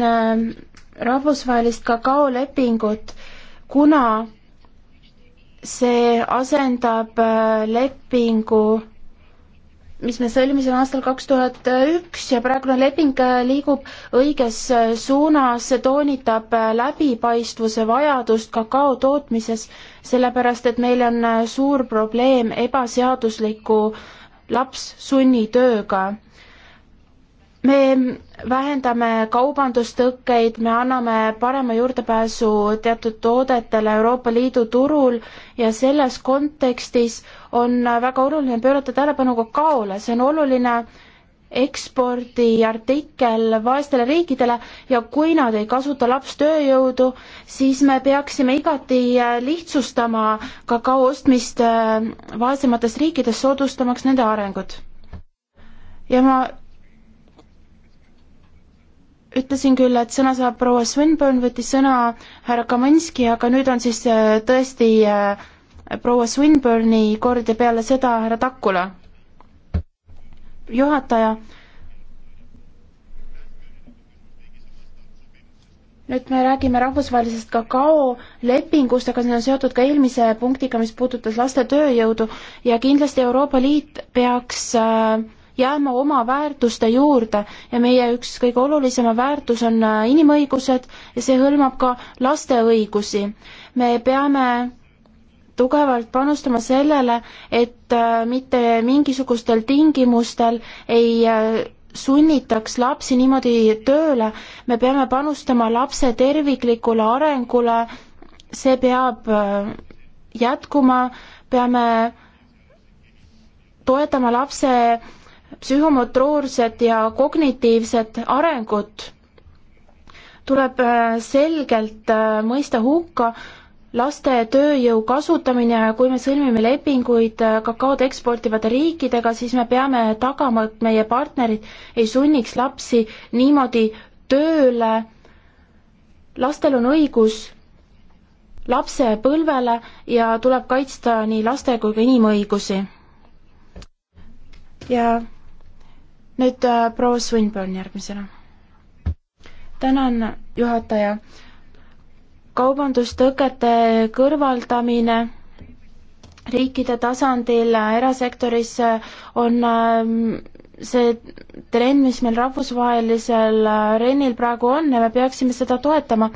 rahvusvahelist kakaolepingut kuna see asendab äh, lepingu, mis me sõlmisime aastal kaks tuhat üks ja praegune leping äh, liigub õiges äh, suunas, see toonitab läbipaistvuse vajadust kakao tootmises, sellepärast et meil on suur probleem ebaseadusliku lapssunnitööga me vähendame kaubandustõkkeid, me anname parema juurdepääsu teatud toodetele Euroopa Liidu turul ja selles kontekstis on väga oluline pöörata tähelepanu kakaole, see on oluline ekspordiartikkel vaestele riikidele ja kui nad ei kasuta lapstööjõudu, siis me peaksime igati lihtsustama kakao ostmist vaesemates riikides, soodustamaks nende arengut. ja ma ütlesin küll, et sõna saab proua Swinburne, võttis sõna härra Kamanski, aga nüüd on siis äh, tõesti äh, proua Swinburne'i kord ja peale seda härra Takula. juhataja. nüüd me räägime rahvusvahelisest kakaolepingust, aga see on seotud ka eelmise punktiga, mis puudutas laste tööjõudu ja kindlasti Euroopa Liit peaks äh, jääma oma väärtuste juurde ja meie üks kõige olulisema väärtus on äh, inimõigused ja see hõlmab ka laste õigusi. me peame tugevalt panustama sellele, et äh, mitte mingisugustel tingimustel ei äh, sunnitaks lapsi niimoodi tööle, me peame panustama lapse terviklikule arengule, see peab jätkuma, peame toetama lapse psühhomotroorset ja kognitiivset arengut, tuleb äh, selgelt äh, mõista hukka laste tööjõu kasutamine ja kui me sõlmime lepinguid äh, kakaod eksportivate riikidega, siis me peame tagama, et meie partnerid ei sunniks lapsi niimoodi tööle. lastel on õigus lapsepõlvele ja tuleb kaitsta nii laste kui ka inimõigusi. ja nüüd äh, proua Swinburne järgmisena. tänan, juhataja. kaubandustõkete kõrvaldamine riikide tasandil äh, erasektoris äh, on ähm, see trend, mis meil rahvusvahelisel rennil praegu on ja me peaksime seda toetama,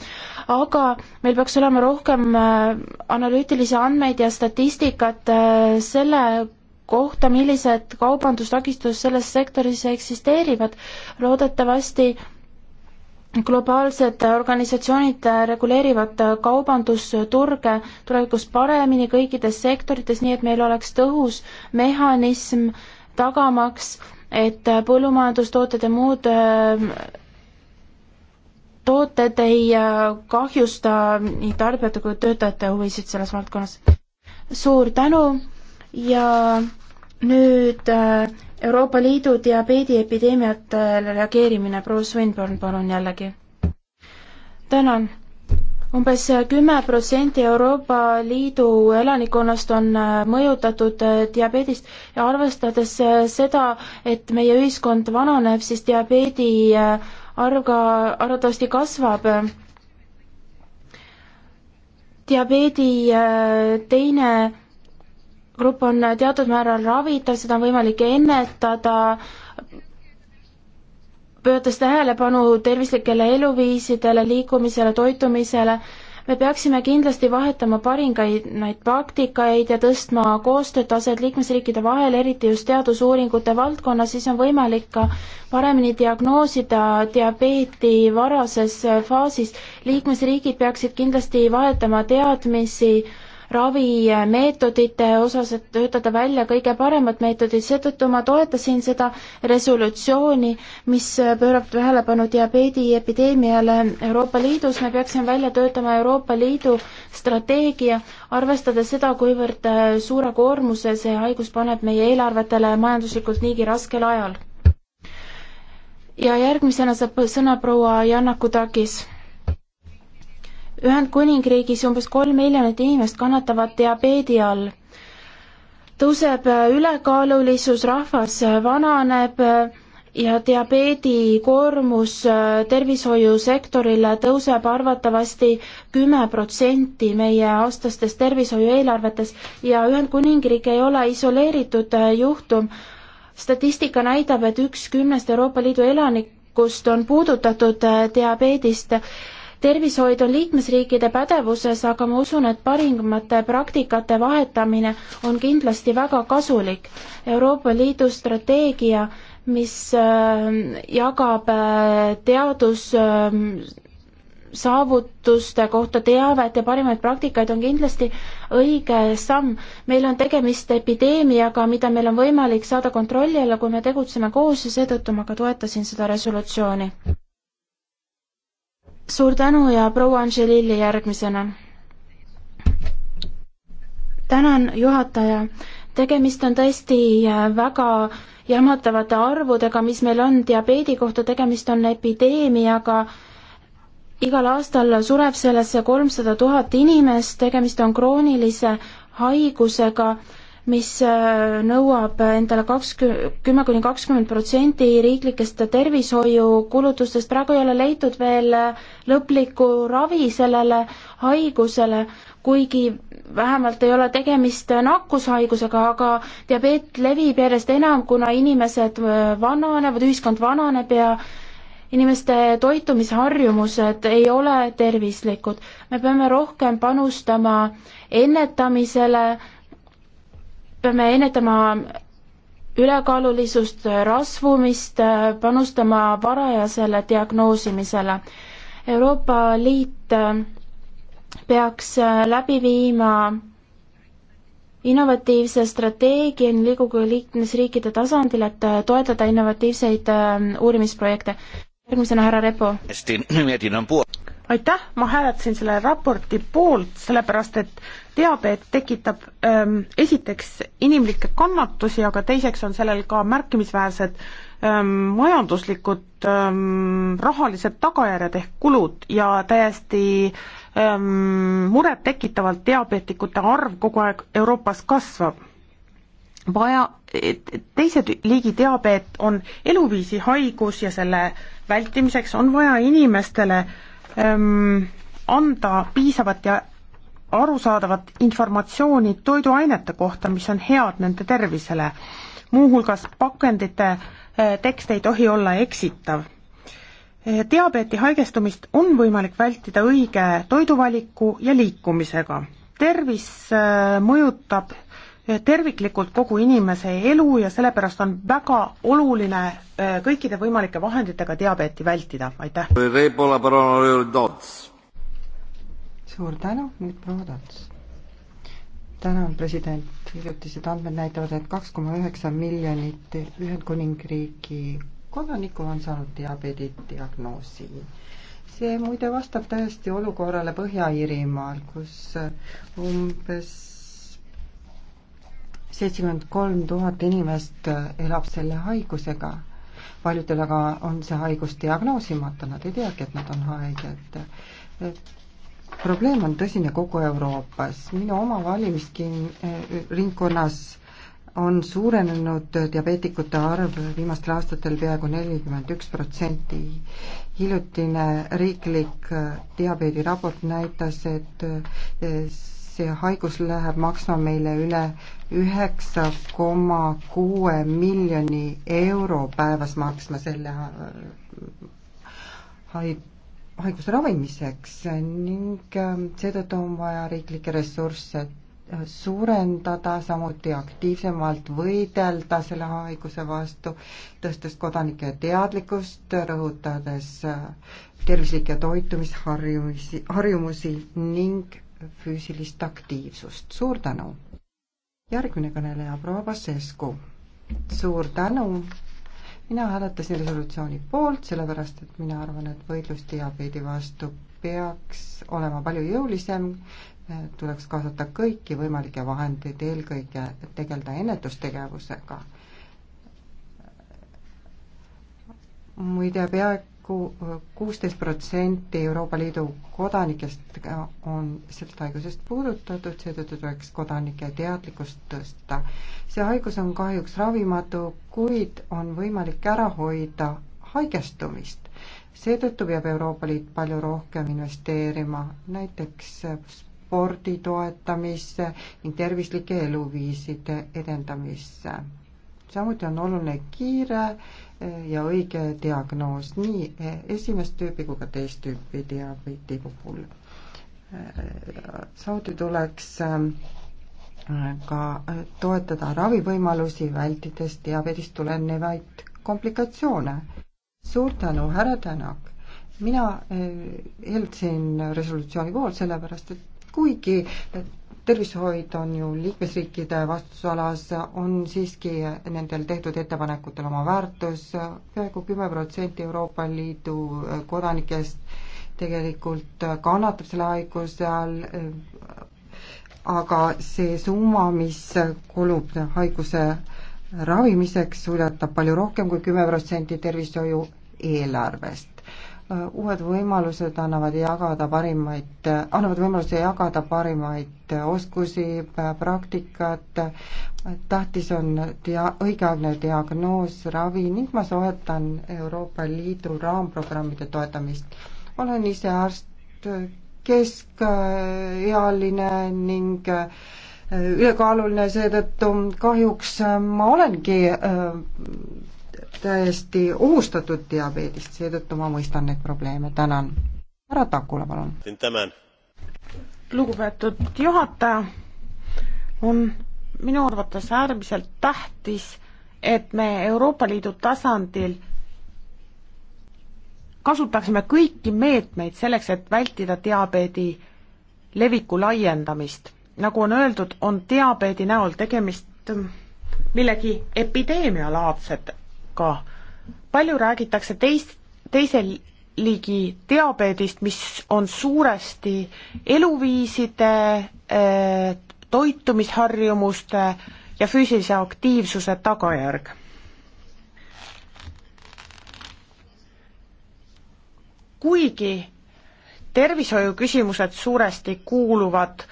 aga meil peaks olema rohkem analüütilisi andmeid ja statistikat selle kohta, millised kaubandustakistused selles sektoris eksisteerivad. loodetavasti globaalsed organisatsioonid reguleerivad kaubandusturge tulevikus paremini kõikides sektorites, nii et meil oleks tõhus mehhanism tagamaks, et põllumajandustooted ja muud tooted ei kahjusta nii tarbijate kui töötajate huvisid selles valdkonnas. suur tänu ja nüüd äh, Euroopa Liidu diabeediepideemiatele reageerimine, proua Swinburne, palun jällegi. tänan umbes kümme protsenti Euroopa Liidu elanikkonnast on äh, mõjutatud äh, diabeedist ja arvestades seda, et meie ühiskond vananeb, siis diabeedi arv ka arvatavasti kasvab. diabeedi teine grupp on teatud määral ravitav, seda on võimalik ennetada, pöörates tähelepanu tervislikele eluviisidele, liikumisele, toitumisele, me peaksime kindlasti vahetama paringaid neid praktikaid ja tõstma koostöötaset liikmesriikide vahel, eriti just teadusuuringute valdkonnas, siis on võimalik ka paremini diagnoosida diabeeti varases faasis. liikmesriigid peaksid kindlasti vahetama teadmisi äh, ravimeetodite osas, et töötada välja kõige paremad meetodid, seetõttu ma toetasin seda resolutsiooni, mis pöörab tähelepanu diabeedi epideemiale Euroopa Liidus, me peaksime välja töötama Euroopa Liidu strateegia, arvestades seda, kuivõrd äh, suure koormuse see haigus paneb meie eelarvetele majanduslikult niigi raskel ajal. ja järgmisena saab sõna proua Janna Kudakis Ühendkuningriigis umbes kolm miljonit inimest kannatavad diabeedi all. tõuseb äh, ülekaalulisus, rahvas äh, vananeb äh, ja diabeedi koormus tervishoiusektorile tõuseb arvatavasti kümme protsenti meie aastastes tervishoiueelarvetes ja Ühendkuningriik ei ole isoleeritud juhtum. statistika näitab, et üks kümnest Euroopa Liidu elanikust on puudutatud diabeedist tervishoid on liikmesriikide pädevuses, aga ma usun, et parimate praktikate vahetamine on kindlasti väga kasulik. Euroopa Liidu strateegia, mis äh, jagab äh, teadus ähm, saavutuste kohta teavet ja parimaid praktikaid on kindlasti õige samm. meil on tegemist epideemiaga, mida meil on võimalik saada kontrolli alla, kui me tegutseme koos ja seetõttu ma ka toetasin seda resolutsiooni suur tänu ja proua Angelilli järgmisena. tänan, juhataja. tegemist on tõesti äh, väga jahmatavate arvudega, mis meil on diabeedi kohta, tegemist on epideemiaga igal aastal sureb sellesse kolmsada tuhat inimest, tegemist on kroonilise haigusega mis äh, nõuab endale kakskümmend, kümme kuni kakskümmend protsenti riiklikest tervishoiukulutustest, praegu ei ole leitud veel äh, lõplikku ravi sellele haigusele, kuigi vähemalt ei ole tegemist äh, nakkushaigusega, aga diabeet levib järjest enam, kuna inimesed vananevad, ühiskond vananeb ja inimeste toitumisharjumused ei ole tervislikud. me peame rohkem panustama ennetamisele, peame ennetama ülekaalulisust, rasvumist, panustama varajasele diagnoosimisele. Euroopa Liit äh, peaks äh, läbi viima innovatiivse strateegia liiguga liikmesriikide tasandil, et äh, toetada innovatiivseid uurimisprojekte. järgmisena härra Repo. aitäh, ma hääletasin selle raporti poolt, sellepärast et diabeet tekitab ähm, esiteks inimlikke kannatusi, aga teiseks on sellel ka märkimisväärsed ähm, majanduslikud ähm, rahalised tagajärjed ehk kulud ja täiesti ähm, murettekitavalt diabeetikute arv kogu aeg Euroopas kasvab. vaja, teise liigi diabeet on eluviisi haigus ja selle vältimiseks on vaja inimestele äh, ähm, anda piisavat ja arusaadavat informatsiooni toiduainete kohta, mis on head nende tervisele. muuhulgas pakendite eh, tekst ei tohi olla eksitav. Eh, diabeeti haigestumist on võimalik vältida õige toiduvaliku ja liikumisega. tervis eh, mõjutab terviklikult kogu inimese elu ja sellepärast on väga oluline äh, kõikide võimalike vahenditega diabeeti vältida, aitäh. suur tänu, nüüd proua Tots. tänan, president, hiljutised andmed näitavad, et kaks koma üheksa miljonit Ühendkuningriigi kodanikku on saanud diabeedi diagnoosi see muide vastab täiesti olukorrale Põhja-Iirimaal, kus umbes seitsekümmend kolm tuhat inimest elab selle haigusega. paljudel aga on see haigus diagnoosimata, nad ei teagi, et nad on haiged. probleem on tõsine kogu Euroopas, minu oma valimisringkonnas on suurenenud diabeetikute arv viimastel aastatel peaaegu nelikümmend üks protsenti. hiljutine riiklik diabeediraport näitas, et see haigus läheb maksma meile üle üheksa koma kuue miljoni euro päevas maksma selle äh, haiguse ravimiseks ning äh, seetõttu on vaja riiklikke ressursse äh, suurendada, samuti aktiivsemalt võidelda selle haiguse vastu, tõstes kodanike teadlikkust, rõhutades tervislikke toitumisharjumusi, harjumusi ning füüsilist aktiivsust. suur tänu! järgmine kõneleja, proua Vassescu. suur tänu! mina hääletasin resolutsiooni poolt, sellepärast et mina arvan, et võitlus diabeedi vastu peaks olema palju jõulisem, tuleks kaasata kõiki võimalikke vahendeid, eelkõige tegeleda ennetustegevusega. muide, pea, ku-, kuusteist protsenti Euroopa Liidu kodanikest äh, on sellest haigusest puudutatud, seetõttu tuleks kodanike teadlikkust tõsta. see haigus on kahjuks ravimatu, kuid on võimalik ära hoida haigestumist. seetõttu peab Euroopa Liit palju rohkem investeerima näiteks spordi toetamisse ning tervislike eluviiside edendamisse samuti on oluline kiire eh, ja õige diagnoos nii eh, esimest tüüpi kui ka teist tüüpi diabeeti puhul. Eh, samuti tuleks ka toetada ravivõimalusi, vältides diabeedist tulenevaid komplikatsioone. suur tänu, härra Tänak! mina hääletasin resolutsiooni poolt, sellepärast et kuigi et tervishoid on ju liikmesriikide vastutusalas, on siiski nendel tehtud ettepanekutel oma väärtus peaaegu, peaaegu kümme protsenti Euroopa Liidu kodanikest tegelikult kannatab selle haiguse all, aga see summa, mis kulub haiguse ravimiseks, ületab palju rohkem kui kümme protsenti tervishoiu eelarvest. Äh, uued võimalused annavad jagada parimaid, äh, annavad võimaluse jagada parimaid äh, oskusi, praktikat, tähtis on dia-, õigeaegne diagnoos, ravi ning ma soovitan Euroopa Liidu raamprogrammide toetamist. olen ise arst, keskealine ning ülekaaluline, seetõttu kahjuks ma olengi täiesti ohustatud diabeedist, seetõttu ma mõistan neid probleeme, tänan. härra Takula, palun. tänan. lugupeetud juhataja, on minu arvates äärmiselt tähtis, et me Euroopa Liidu tasandil kasutaksime kõiki meetmeid selleks, et vältida diabeedi leviku laiendamist. nagu on öeldud, on diabeedi näol tegemist millegi epideemialaadset, ka. palju räägitakse teist, teise ligi diabeedist, mis on suuresti eluviiside, eh, toitumisharjumuste ja füüsilise aktiivsuse tagajärg. kuigi tervishoiuküsimused suuresti kuuluvad äh,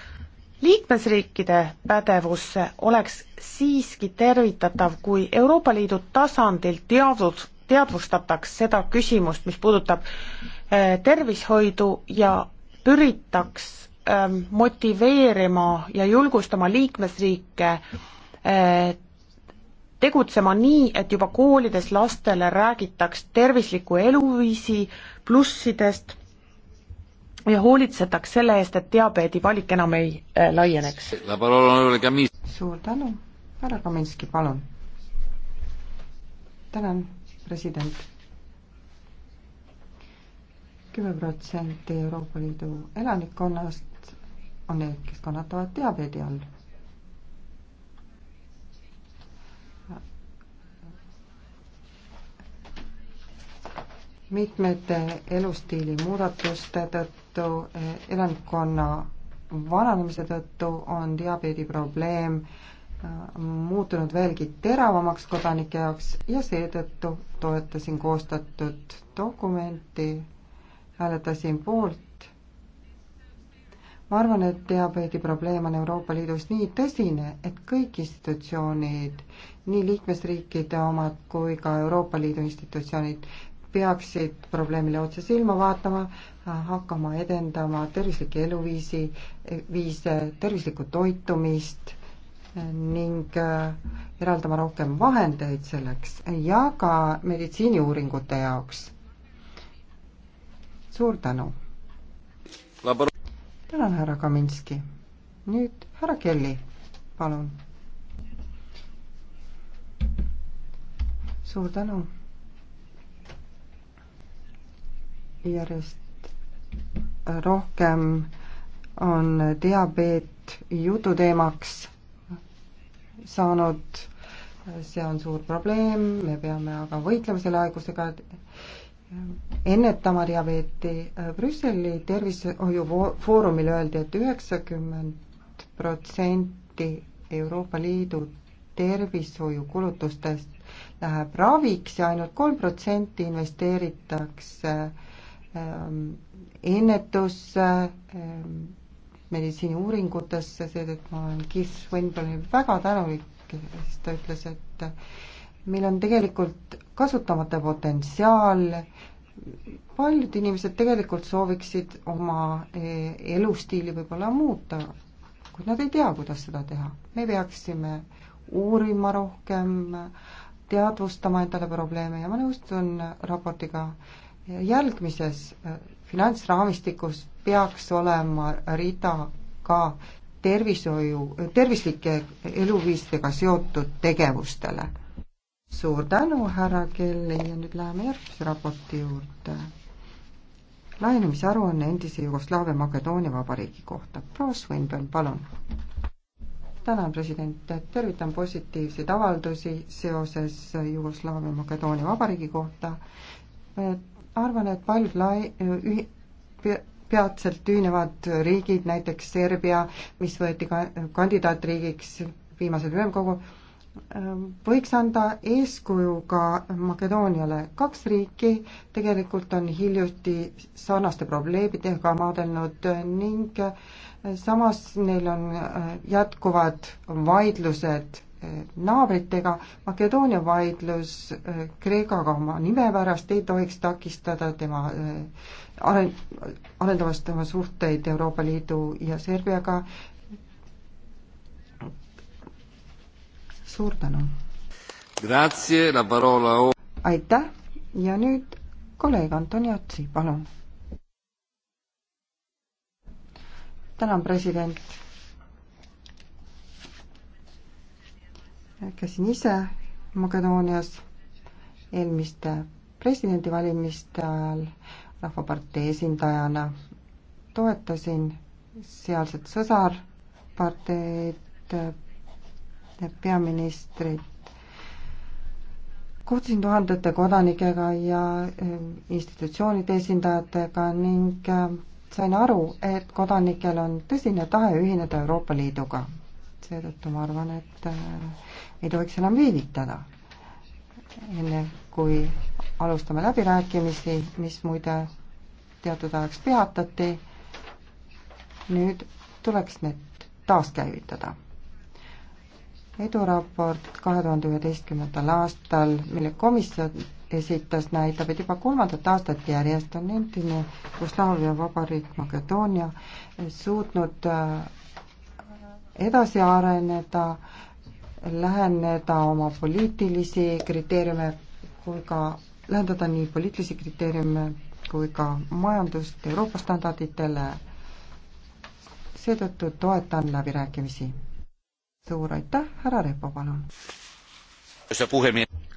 liikmesriikide pädevusse oleks siiski tervitatav, kui Euroopa Liidu tasandil teadvus, teadvustataks seda küsimust, mis puudutab äh, tervishoidu ja pyritaks ähm, motiveerima ja julgustama liikmesriike äh, tegutsema nii, et juba koolides lastele räägitaks tervisliku eluviisi plussidest ja hoolitsetaks selle eest, et diabeedi valik enam ei äh, laieneks. suur tänu, härra Kaminski, palun. tänan, president. kümme protsenti Euroopa Liidu elanikkonnast on need, kes kannatavad diabeedi all. mitmete elustiili muudatuste tõttu tõttu, eh, elanikkonna vananemise tõttu on diabeedi probleem eh, muutunud veelgi teravamaks kodanike jaoks ja seetõttu toetasin koostatud dokumenti, hääletasin poolt. ma arvan, et diabeedi probleem on Euroopa Liidus nii tõsine, et kõik institutsioonid, nii liikmesriikide omad kui ka Euroopa Liidu institutsioonid peaksid probleemile otse silma vaatama, hakkama edendama tervislikke eluviisi, viise, tervislikku toitumist ning äh, eraldama rohkem vahendeid selleks ja ka meditsiiniuuringute jaoks. suur tänu! tänan, härra Kaminski. nüüd härra Kelly, palun. suur tänu järjest rohkem on diabeet jututeemaks saanud, see on suur probleem, me peame aga võitlema selle haigusega, ennetama diabeeti. Brüsseli tervishoiufoorumil öeldi, et üheksakümmend protsenti Euroopa Liidu tervishoiukulutustest läheb raviks ja ainult kolm protsenti investeeritakse äh, Ähm, ennetusse, ähm, meditsiiniuuringutesse, seetõttu ma olen Keith Swinburne'i väga tänulik, sest ta ütles, et äh, meil on tegelikult kasutamata potentsiaal, paljud inimesed tegelikult sooviksid oma äh, elustiili võib-olla muuta, kuid nad ei tea, kuidas seda teha. me peaksime uurima rohkem, teadvustama endale probleeme ja ma nõustun raportiga äh, järgmises äh, finantsraamistikus peaks olema rida ka tervishoiu, äh, tervislike eluviisidega seotud tegevustele. suur tänu, härra Kelly ja nüüd läheme järgmise raporti juurde. laienemisaruanne endise Jugoslaavia Makedoonia Vabariigi kohta. proua Swinburne, palun. tänan, president, tervitan positiivseid avaldusi seoses Jugoslaavia Makedoonia Vabariigi kohta arvan, et paljud lai-, ühi-, peatselt ühinevad riigid, näiteks Serbia, mis võeti ka kandidaatriigiks viimasel ülemkogul, võiks anda eeskuju ka Makedooniale. kaks riiki tegelikult on hiljuti sarnaste probleemidega maadelnud ning samas neil on jätkuvad vaidlused naabritega. Makedoonia vaidlus äh, Kreekaga oma nime pärast ei tohiks takistada tema äh, aren-, arendamast tema suhteid Euroopa Liidu ja Serbiaga. suur tänu! aitäh ja nüüd kolleeg Antoni Otsi, palun! tänan, president käisin ise Makedoonias eelmiste presidendivalimiste ajal Rahvapartei esindajana, toetasin sealset sõsarparteid, äh, peaministrit, kohtusin tuhandete kodanikega ja äh, institutsioonide esindajatega ning äh, sain aru, et kodanikel on tõsine tahe ühineda Euroopa Liiduga. seetõttu ma arvan, et ei tohiks enam viivitada, enne kui alustame läbirääkimisi, mis muide teatud ajaks peatati, nüüd tuleks need taaskäivitada. eduraport kahe tuhande üheteistkümnendal aastal, mille komisjon esitas, näitab, et juba kolmandat aastat järjest on endine Jugoslaavia Vabariik Makedoonia suutnud äh, edasi areneda läheneda oma poliitilisi kriteeriume kui ka, lähendada nii poliitilisi kriteeriume kui ka majandust Euroopa standarditele. seetõttu toetan läbirääkimisi. suur aitäh, härra Repo, palun.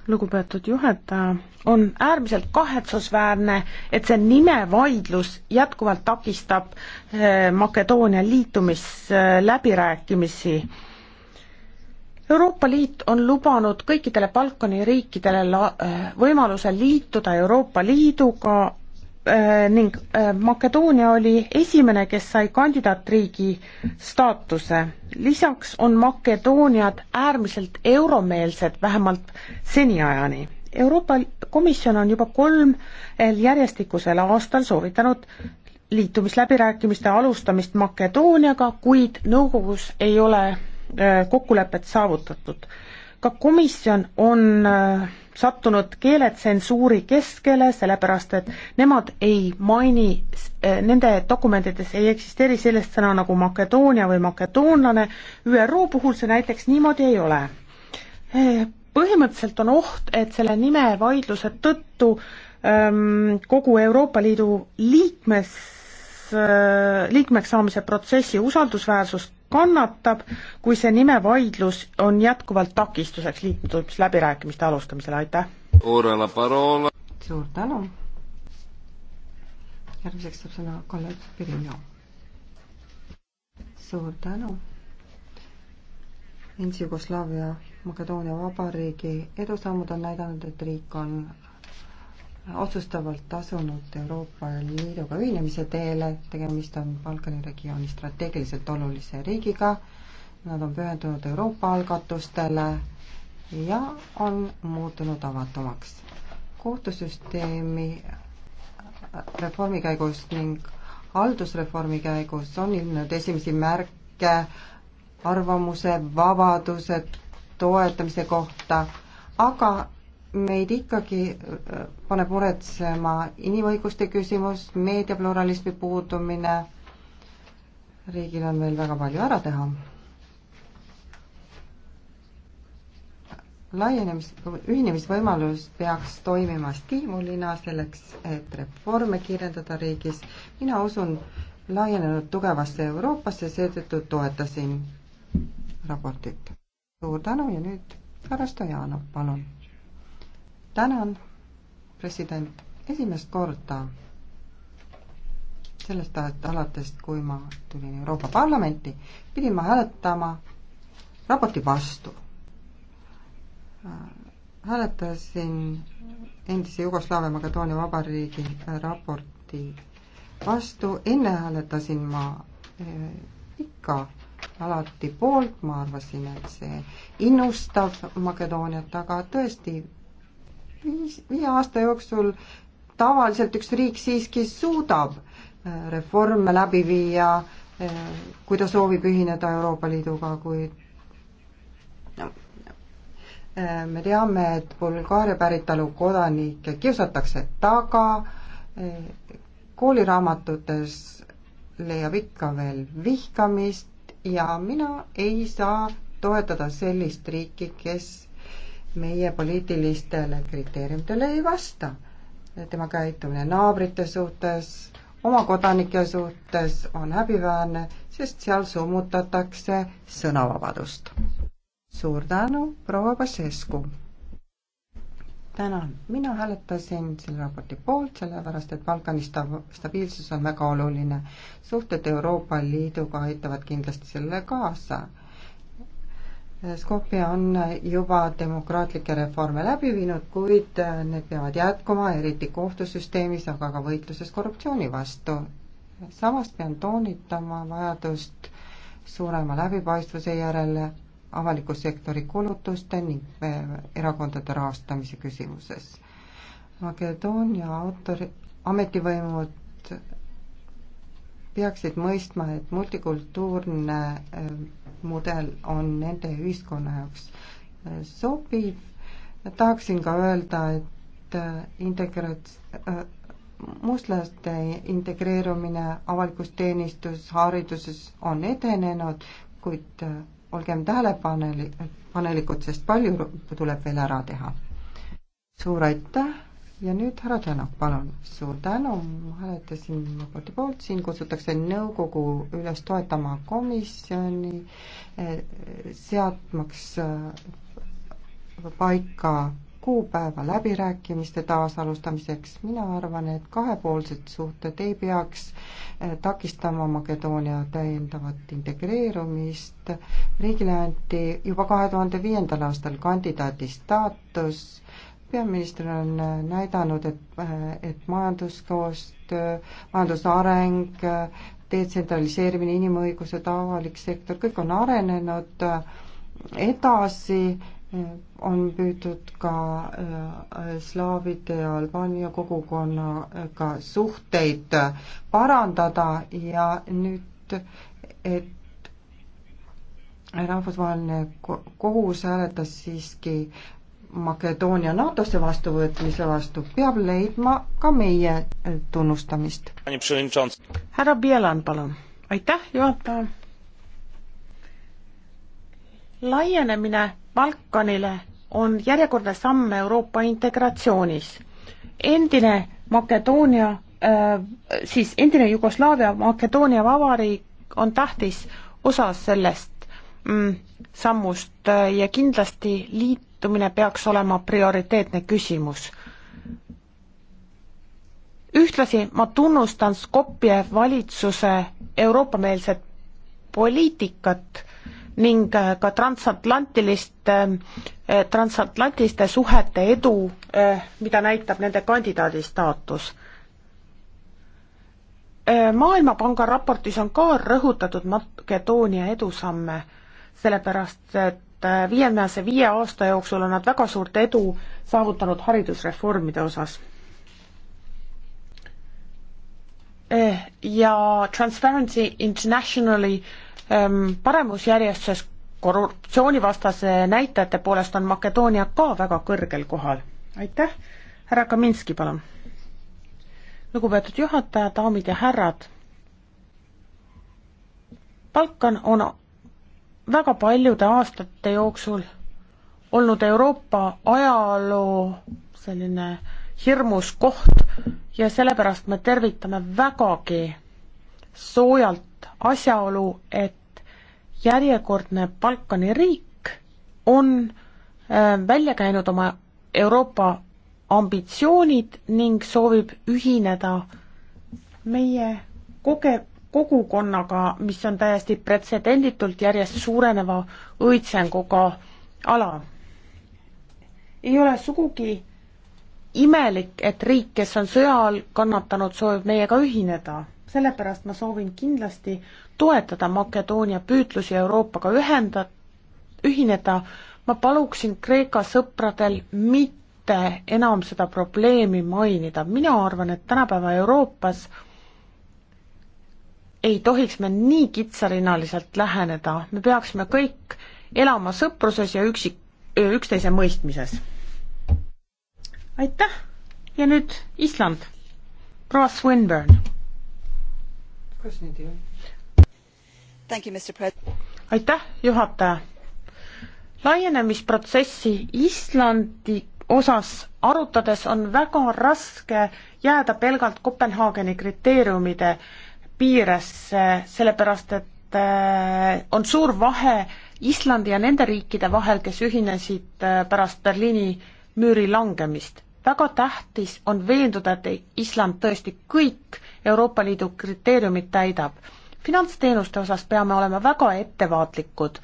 lugupeetud juhataja, on äärmiselt kahetsusväärne, et see nimevaidlus jätkuvalt takistab eh, Makedoonia liitumisläbirääkimisi äh, Euroopa Liit on lubanud kõikidele Balkani riikidele la-, äh, võimaluse liituda Euroopa Liiduga äh, ning äh, Makedoonia oli esimene, kes sai kandidaatriigi staatuse. lisaks on Makedooniad äärmiselt euromeelsed, vähemalt seniajani. Euroopa Komisjon on juba kolmel äh, järjestikusel aastal soovitanud liitumisläbirääkimiste alustamist Makedooniaga, kuid nõukogus ei ole Äh, kokkulepet saavutatud. ka komisjon on äh, sattunud keeletsensuuri keskele, sellepärast et nemad ei maini, äh, nende dokumentides ei eksisteeri sellist sõna nagu Makedoonia või makedoonlane, ÜRO puhul see näiteks niimoodi ei ole. põhimõtteliselt on oht, et selle nimevaidluse tõttu ähm, kogu Euroopa Liidu liikmes, liikmeks saamise protsessi usaldusväärsus kannatab, kui see nimevaidlus on jätkuvalt takistuseks liitumisläbirääkimiste alustamisele, aitäh! suur tänu! järgmiseks saab sõna kolleeg Pirinjo. suur tänu! endise Jugoslaavia Makedoonia Vabariigi edusammud on näidanud, et riik on otsustavalt asunud Euroopa Liiduga ühinemise teele, tegemist on Balkani regiooni strateegiliselt olulise riigiga, nad on pühendunud Euroopa algatustele ja on muutunud avatumaks. kohtusüsteemi reformi käigus ning haldusreformi käigus on ilmnenud esimesi märke arvamuse vabaduse toetamise kohta, aga meid ikkagi äh, paneb muretsema inimõiguste küsimus, meediapluralismi puudumine, riigil on veel väga palju ära teha. laienemis, ühinemisvõimalus peaks toimima stiimulina selleks, et reforme kiirendada riigis. mina usun laienenud tugevasse Euroopasse, seetõttu toetasin raportit. suur tänu ja nüüd härra Stojanov, palun tänan, president, esimest korda sellest ajast alates, kui ma tulin Euroopa Parlamenti, pidin ma hääletama raporti vastu. hääletasin endise Jugoslaavia Makedoonia Vabariigi raporti vastu, enne hääletasin ma eh, ikka alati poolt, ma arvasin, et see innustab Makedooniat, aga tõesti viis, viie aasta jooksul tavaliselt üks riik siiski suudab äh, reforme läbi viia, äh, kui ta soovib ühineda Euroopa Liiduga, kuid no, äh, me teame, et Bulgaaria päritolu kodanikke kiusatakse taga, kooliraamatutes leiab ikka veel vihkamist ja mina ei saa toetada sellist riiki, kes meie poliitilistele kriteeriumitele ei vasta. tema käitumine naabrite suhtes, oma kodanike suhtes on häbiväärne, sest seal summutatakse sõnavabadust. suur tänu, proua Pasescu! tänan, mina hääletasin selle raporti poolt, sellepärast et Balkani sta-, stabiilsus on väga oluline. suhted Euroopa Liiduga aitavad kindlasti sellele kaasa Skopje on juba demokraatlikke reforme läbi viinud, kuid need peavad jätkuma, eriti kohtusüsteemis, aga ka võitluses korruptsiooni vastu. samas pean toonitama vajadust suurema läbipaistvuse järele avaliku sektori kulutuste ning eh, erakondade rahastamise küsimuses. Makedoonia autori, ametivõimud peaksid mõistma, et multikultuurne eh, mudel on nende ühiskonna jaoks äh, sobiv. tahaksin ka öelda, et äh, integrats-, äh, mustlaste integreerumine avalikus teenistus, hariduses on edenenud, kuid olgem tähelepanelikud, sest palju tuleb veel ära teha. suur aitäh ja nüüd härra Tänak, palun. suur tänu, ma hääletasin raporti poolt, siin kutsutakse nõukogu üles toetama komisjoni, eh, seadmaks eh, paika kuupäeva läbirääkimiste taasalustamiseks. mina arvan, et kahepoolsed suhted ei peaks eh, takistama Makedoonia täiendavat integreerumist. riigile anti juba kahe tuhande viiendal aastal kandidaadi staatus peaminister on äh, näidanud, et, äh, et majanduskoostöö, majanduse areng, äh, detsentraliseerimine, inimõigused, avalik sektor, kõik on arenenud edasi, on püütud ka slaavide ja Albaania kogukonnaga suhteid parandada ja nüüd, et rahvusvaheline kohus hääletas siiski Makedoonia NATO-sse vastuvõtmise vastu peab leidma ka meie äh, tunnustamist. härra Bielan, palun. aitäh, juhataja. laienemine Balkanile on järjekordne samm Euroopa integratsioonis. endine Makedoonia äh,, siis endine Jugoslaavia Makedoonia Vabariik on tähtis osa sellest mm, sammust äh, ja kindlasti liit toitumine peaks olema prioriteetne küsimus. ühtlasi ma tunnustan Skopje valitsuse Euroopa-meelset poliitikat ning äh, ka transatlantilist, äh, äh, transatlantiliste suhete edu, mida näitab nende kandidaadi staatus. maailmapanga raportis on ka rõhutatud Makedoonia edusamme sellepärast et äh, viimase viie aasta jooksul on nad väga suurt edu saavutanud haridusreformide osas. Eh, ja Transparency Internationali ähm, paremusjärjestuses korruptsioonivastase näitajate poolest on Makedoonia ka väga kõrgel kohal. aitäh, härra Kaminski, palun. lugupeetud juhataja, daamid ja härrad. Balkan on väga paljude aastate jooksul olnud Euroopa ajaloo selline hirmus koht ja sellepärast me tervitame vägagi soojalt asjaolu, et järjekordne Balkani riik on äh, välja käinud oma Euroopa ambitsioonid ning soovib ühineda meie koge-, kogukonnaga, mis on täiesti pretsedenditult järjest suureneva õitsenguga ala. ei ole sugugi imelik, et riik, kes on sõja all kannatanud, soovib meiega ühineda. sellepärast ma soovin kindlasti toetada Makedoonia püütlusi Euroopaga ühenda, ühineda, ma paluksin Kreeka sõpradel mitte enam seda probleemi mainida, mina arvan, et tänapäeva Euroopas ei tohiks me nii kitsarinnaliselt läheneda, me peaksime kõik elama sõpruses ja üksi, üksteise mõistmises. aitäh ja nüüd Island, proua Swinburne. kas nüüd ei ole? aitäh, juhataja. laienemisprotsessi Islandi osas arutades on väga raske jääda pelgalt Kopenhaageni kriteeriumide äh, piiresse, sellepärast et äh, on suur vahe Islandi ja nende riikide vahel, kes ühinesid äh, pärast Berliini müüri langemist. väga tähtis on veenduda, et Island tõesti kõik Euroopa Liidu kriteeriumid täidab. finantsteenuste osas peame olema väga ettevaatlikud,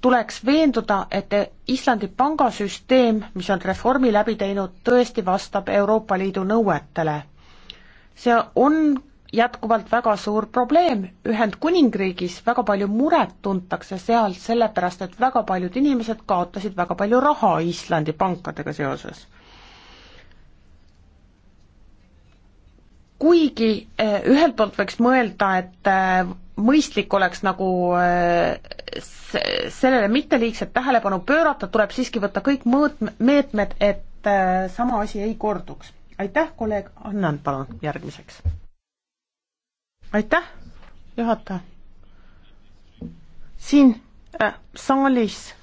tuleks veenduda, et Islandi pangasüsteem, mis on reformi läbi teinud, tõesti vastab Euroopa Liidu nõuetele. see on jätkuvalt väga suur probleem Ühendkuningriigis, väga palju muret tuntakse seal sellepärast, et väga paljud inimesed kaotasid väga palju raha Islandi pankadega seoses. kuigi eh, ühelt poolt võiks mõelda, et eh, mõistlik oleks nagu eh, sellele mitteliigset tähelepanu pöörata, tuleb siiski võtta kõik mõõtme-, meetmed, et sama asi ei korduks. aitäh, kolleeg Annan, palun järgmiseks aitäh, juhataja. siin äh, saalis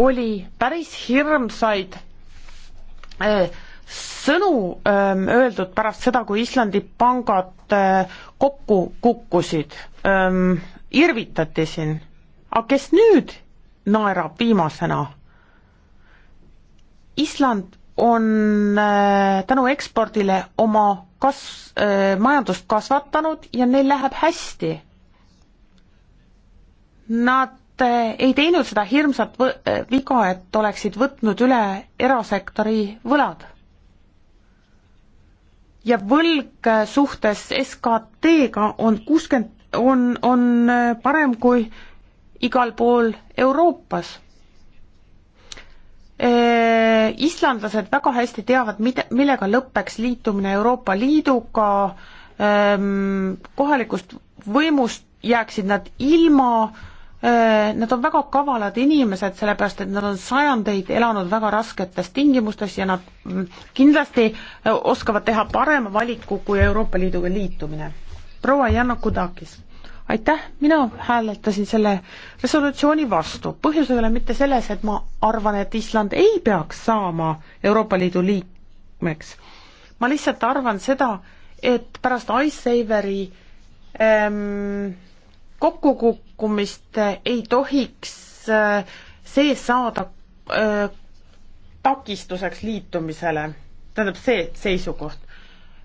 oli päris hirmsaid äh, sõnu äh, öeldud pärast seda, kui Islandi pangad äh, kokku kukkusid äh,, irvitati siin. aga kes nüüd naerab viimasena? Island on äh, tänu ekspordile oma kas-, äh, majandust kasvatanud ja neil läheb hästi. Nad äh, ei teinud seda hirmsat võ-, äh, viga, et oleksid võtnud üle erasektori võlad. ja võlg suhtes SKT-ga on kuuskümmend, on, on parem kui igal pool Euroopas Äh, islandlased väga hästi teavad, mida, millega lõpeks liitumine Euroopa Liiduga, ähm, kohalikust võimust jääksid nad ilma, äh, nad on väga kavalad inimesed, sellepärast et nad on sajandeid elanud väga rasketes tingimustes ja nad mm, kindlasti äh, oskavad teha parema valiku kui Euroopa Liiduga liitumine. proua Janno Kudakis aitäh, mina hääletasin selle resolutsiooni vastu, põhjus ei ole mitte selles, et ma arvan, et Island ei peaks saama Euroopa Liidu liikmeks. ma lihtsalt arvan seda, et pärast Icesaveri ähm, kokkukukkumist äh, ei tohiks äh, see saada äh, takistuseks liitumisele, tähendab see seisukoht.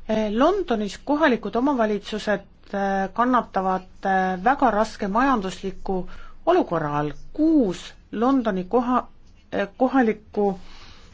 Äh, Londonis kohalikud omavalitsused Äh, kannatavad äh, väga raske majandusliku olukorra all. kuus Londoni koha, äh, kohalikku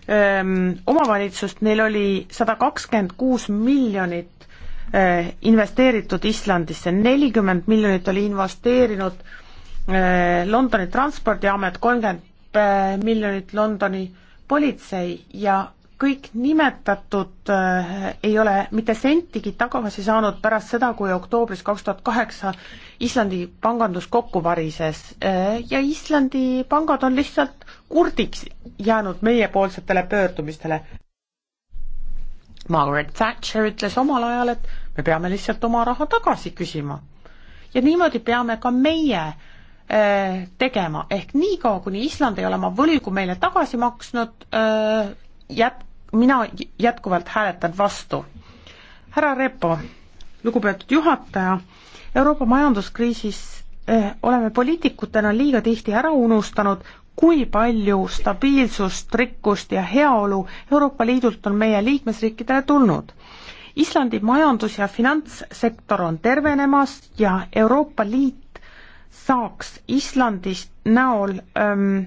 öö, ähm, omavalitsust, neil oli sada kakskümmend kuus miljonit öö, investeeritud Islandisse, nelikümmend miljonit oli investeerinud öö, Londoni Transpordiamet, kolmkümmend miljonit Londoni politsei ja kõik nimetatud äh, ei ole mitte sentigi tagasi saanud pärast seda, kui oktoobris kaks tuhat kaheksa Islandi pangandus kokku varises äh, ja Islandi pangad on lihtsalt kurdiks jäänud meiepoolsetele pöördumistele. Margaret Thatcher ütles omal ajal, et me peame lihtsalt oma raha tagasi küsima. ja niimoodi peame ka meie äh, tegema, ehk niikaua, kuni Island ei ole oma võlgu meile tagasi maksnud äh,, jääb mina jätkuvalt hääletan vastu. härra Repo, lugupeetud juhataja, Euroopa majanduskriisis eh, oleme poliitikutena liiga tihti ära unustanud, kui palju stabiilsust, rikkust ja heaolu Euroopa Liidult on meie liikmesriikidele tulnud. Islandi majandus- ja finantssektor on tervenemas ja Euroopa Liit saaks Islandist näol öö, ähm,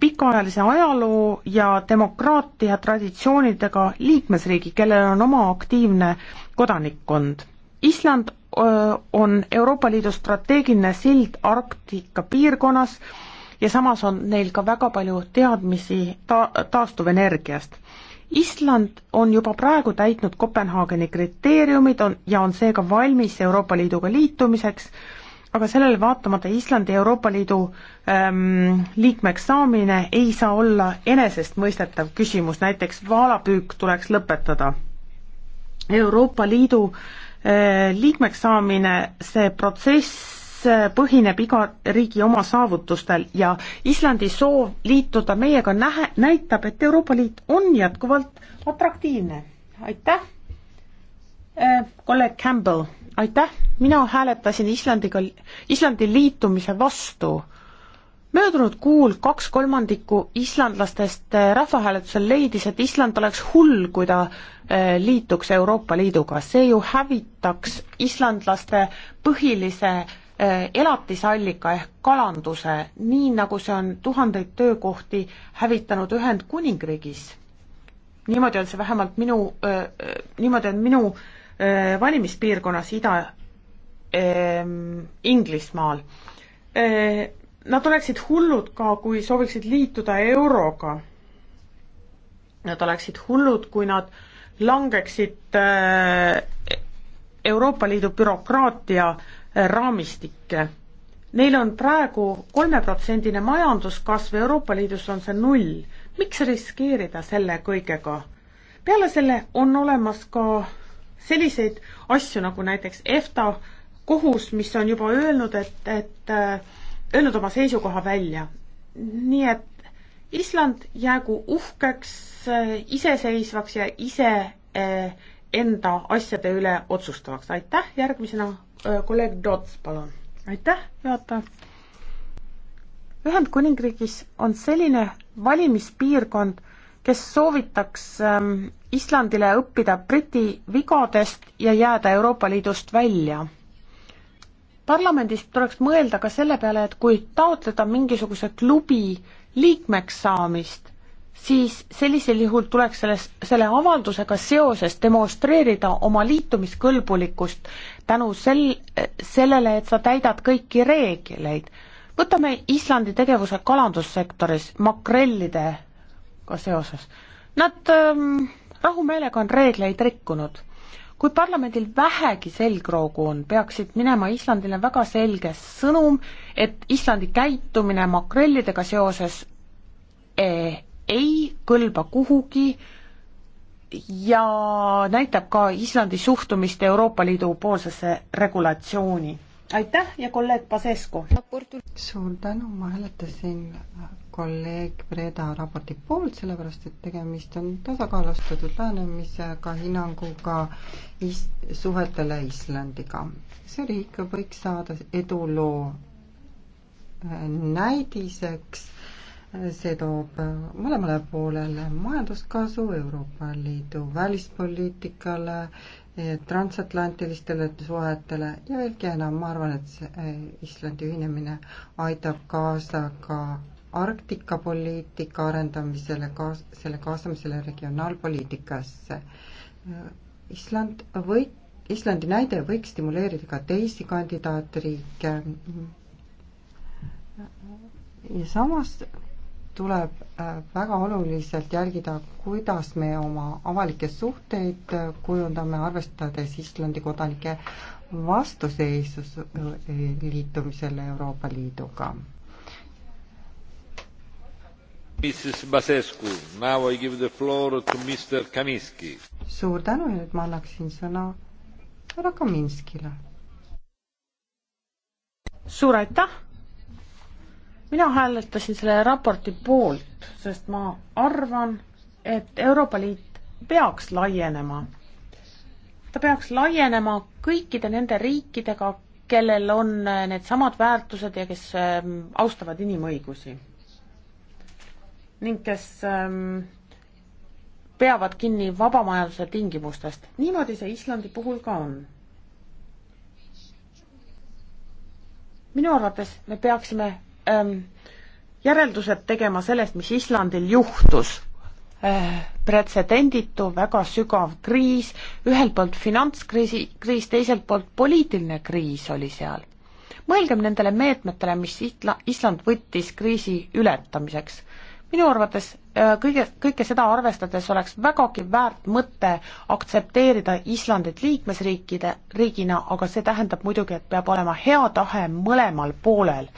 pikaajalise ajaloo ja demokraatia traditsioonidega liikmesriigi, kellel on oma aktiivne kodanikkond. Island on Euroopa Liidu strateegiline sild Arktika piirkonnas ja samas on neil ka väga palju teadmisi ta-, taastuvenergiast. Island on juba praegu täitnud Kopenhaageni kriteeriumid on, ja on seega valmis Euroopa Liiduga liitumiseks aga sellele vaatamata Islandi Euroopa Liidu ähm, liikmeks saamine ei saa olla enesestmõistetav küsimus, näiteks vaalapüük tuleks lõpetada. Euroopa Liidu äh, liikmeks saamine, see protsess äh, põhineb iga riigi oma saavutustel ja Islandi soov liituda meiega nähe, näitab, et Euroopa Liit on jätkuvalt atraktiivne. aitäh äh,, kolleeg Campbell aitäh, mina hääletasin Islandiga, Islandi liitumise vastu. möödunud kuul kaks kolmandikku islandlastest eh, rahvahääletusel leidis, et Island oleks hull, kui ta eh, liituks Euroopa Liiduga, see ju hävitaks islandlaste põhilise eh, elatisallika ehk kalanduse, nii nagu see on tuhandeid töökohti hävitanud Ühendkuningriigis. niimoodi on see vähemalt minu, niimoodi on minu öö, Äh, valimispiirkonnas Ida-Inglismaal. Ähm, äh, nad oleksid hullud ka, kui sooviksid liituda euroga. Nad oleksid hullud, kui nad langeksid äh, Euroopa Liidu bürokraatia raamistikke. Neil on praegu kolmeprotsendine majanduskasv, Euroopa Liidus on see null. miks riskeerida selle kõigega? peale selle on olemas ka selliseid asju nagu näiteks EFTA kohus, mis on juba öelnud, et, et äh, öelnud oma seisukoha välja. nii et Island jäägu uhkeks, äh, iseseisvaks ja ise äh, enda asjade üle otsustavaks. aitäh, järgmisena kolleeg Dots, palun. aitäh, juhataja. Ühendkuningriigis on selline valimispiirkond, kes soovitaks ähm, Islandile õppida Briti vigadest ja jääda Euroopa Liidust välja. parlamendis tuleks mõelda ka selle peale, et kui taotleda mingisuguse klubi liikmeks saamist, siis sellisel juhul tuleks selles, selle avaldusega seoses demonstreerida oma liitumiskõlbulikkust tänu sel-, sellele, et sa täidad kõiki reegleid. võtame Islandi tegevuse kalandussektoris, makrellide ka seoses. Nad ähm, rahumeelega on reegleid rikkunud. kui parlamendil vähegi selgroogu on, peaksid minema Islandile väga selge sõnum, et Islandi käitumine makrellidega seoses eh, ei kõlba kuhugi ja näitab ka Islandi suhtumist Euroopa Liidu poolsesse regulatsiooni. aitäh ja kolleeg Pasescu! suur tänu, ma hääletasin kolleeg Breda raporti poolt, sellepärast et tegemist on tasakaalustatud lähenemisega hinnanguga is-, suhetele Islandiga. see riik võiks saada eduloo äh, näidiseks, see toob mõlemale poolele majanduskasu Euroopa Liidu välispoliitikale, eh, transatlantilistele suhetele ja veelgi enam, ma arvan, et see eh, Islandi ühinemine aitab kaasa ka Arktika poliitika arendamisele, kaas-, selle kaasamisele regionaalpoliitikasse. Island või, Islandi näide võiks stimuleerida ka teisi kandidaatriike. ja samas tuleb äh, väga oluliselt jälgida, kuidas me oma avalikke suhteid äh, kujundame, arvestades Islandi kodanike vastuseisus äh, liitumisele Euroopa Liiduga suur tänu ja nüüd ma annaksin sõna härra Kaminskile. suur aitäh! mina hääletasin selle raporti poolt, sest ma arvan, et Euroopa Liit peaks laienema. ta peaks laienema kõikide nende riikidega, kellel on needsamad väärtused ja kes ähm, austavad inimõigusi ning kes ähm, peavad kinni vabamajanduse tingimustest. niimoodi see Islandi puhul ka on. minu arvates me peaksime ähm, järeldused tegema sellest, mis Islandil juhtus äh,. pretsedenditu väga sügav kriis, ühelt poolt finantskriisi, kriis, teiselt poolt poliitiline kriis oli seal. mõelgem nendele meetmetele, mis Isla-, Island võttis kriisi ületamiseks minu arvates äh, kõige, kõike seda arvestades oleks vägagi väärt mõte aktsepteerida Islandit liikmesriikide, riigina, aga see tähendab muidugi, et peab olema hea tahe mõlemal poolel.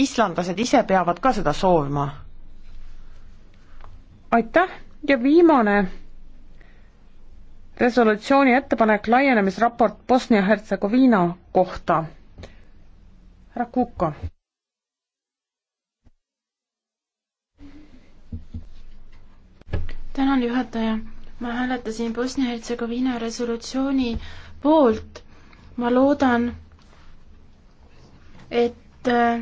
islandlased ise peavad ka seda soovima. aitäh ja viimane resolutsiooni ettepanek laienemisraport Bosnia-Hertsegoviina kohta. härra Kuka. tänan, juhataja. ma hääletasin Bosnia-Hertsegoviina resolutsiooni poolt. ma loodan, et äh,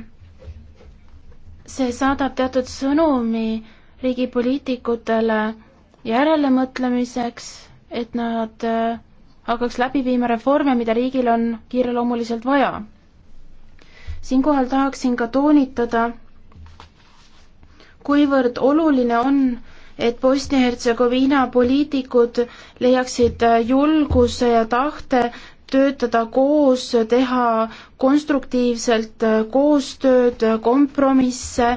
see saadab teatud sõnumi riigi poliitikutele järelemõtlemiseks, et nad äh, hakkaks läbi viima reforme, mida riigil on kiireloomuliselt vaja. siinkohal tahaksin ka toonitada, kuivõrd oluline on et Bosnia-Hertsegoviina poliitikud leiaksid julguse ja tahte töötada koos, teha konstruktiivselt koostööd, kompromisse.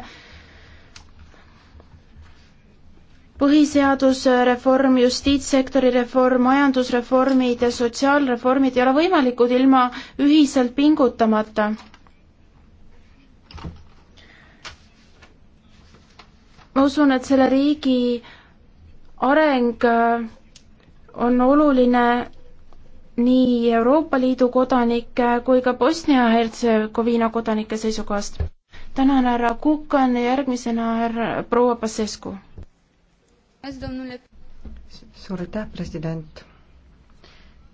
põhiseadusreform, justiitssektori reform, majandusreformid ja sotsiaalreformid ei ole võimalikud ilma ühiselt pingutamata ma usun, et selle riigi areng äh, on oluline nii Euroopa Liidu kodanike kui ka Bosnia-Hertsegoviina kodanike seisukohast. tänan, härra Kukan, järgmisena härra proua Pasescu. suur aitäh, president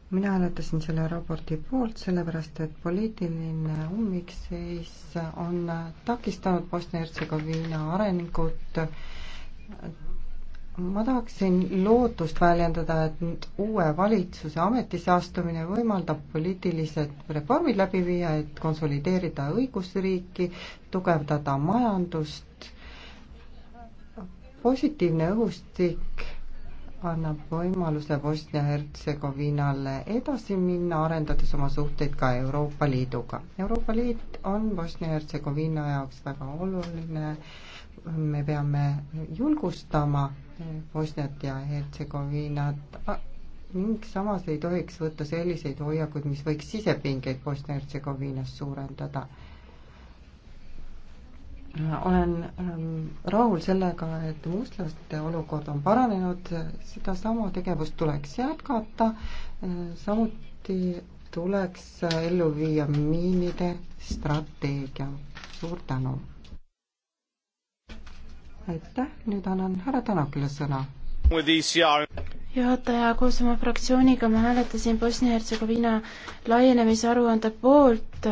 mina hääletasin selle raporti poolt, sellepärast et poliitiline ummikseis on takistanud Bosnia-Hertsegoviina arengut. ma tahaksin lootust väljendada, et nüüd uue valitsuse ametisse astumine võimaldab poliitilised reformid läbi viia, et konsolideerida õigusriiki, tugevdada majandust, positiivne õhustik annab võimaluse Bosnia-Hertsegoviinale edasi minna, arendades oma suhteid ka Euroopa Liiduga. Euroopa Liit on Bosnia-Hertsegoviina jaoks väga oluline, me peame julgustama Bosniat ja Hertsegoviinat ning samas ei tohiks võtta selliseid hoiakuid, mis võiks sisepingeid Bosnia-Hertsegoviinas suurendada olen ähm, rahul sellega, et mustlaste olukord on paranenud, sedasama tegevust tuleks jätkata, äh, samuti tuleks ellu viia miinide strateegia. suur tänu! aitäh, nüüd annan härra Tanakile sõna. juhataja, koos oma fraktsiooniga ma hääletasin Bosnia-Hertsegoviina laienemise aruande poolt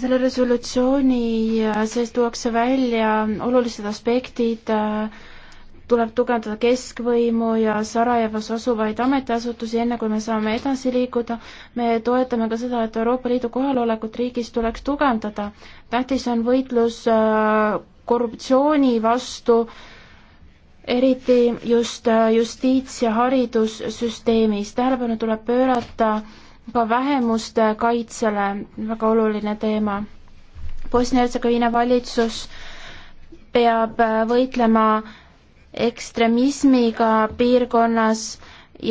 selle resolutsiooni äh, sees tuuakse välja olulised aspektid, äh, tuleb tugevdada keskvõimu ja Sarajevas asuvaid ametiasutusi, enne kui me saame edasi liikuda. me toetame ka seda, et Euroopa Liidu kohalolekut riigis tuleks tugevdada. tähtis on võitlus äh, korruptsiooni vastu, eriti just justiits- ja haridussüsteemis. tähelepanu tuleb pöörata äh, ka vähemuste kaitsele väga oluline teema. Bosnia-Hertsegoviina valitsus peab äh, võitlema ekstremismiga piirkonnas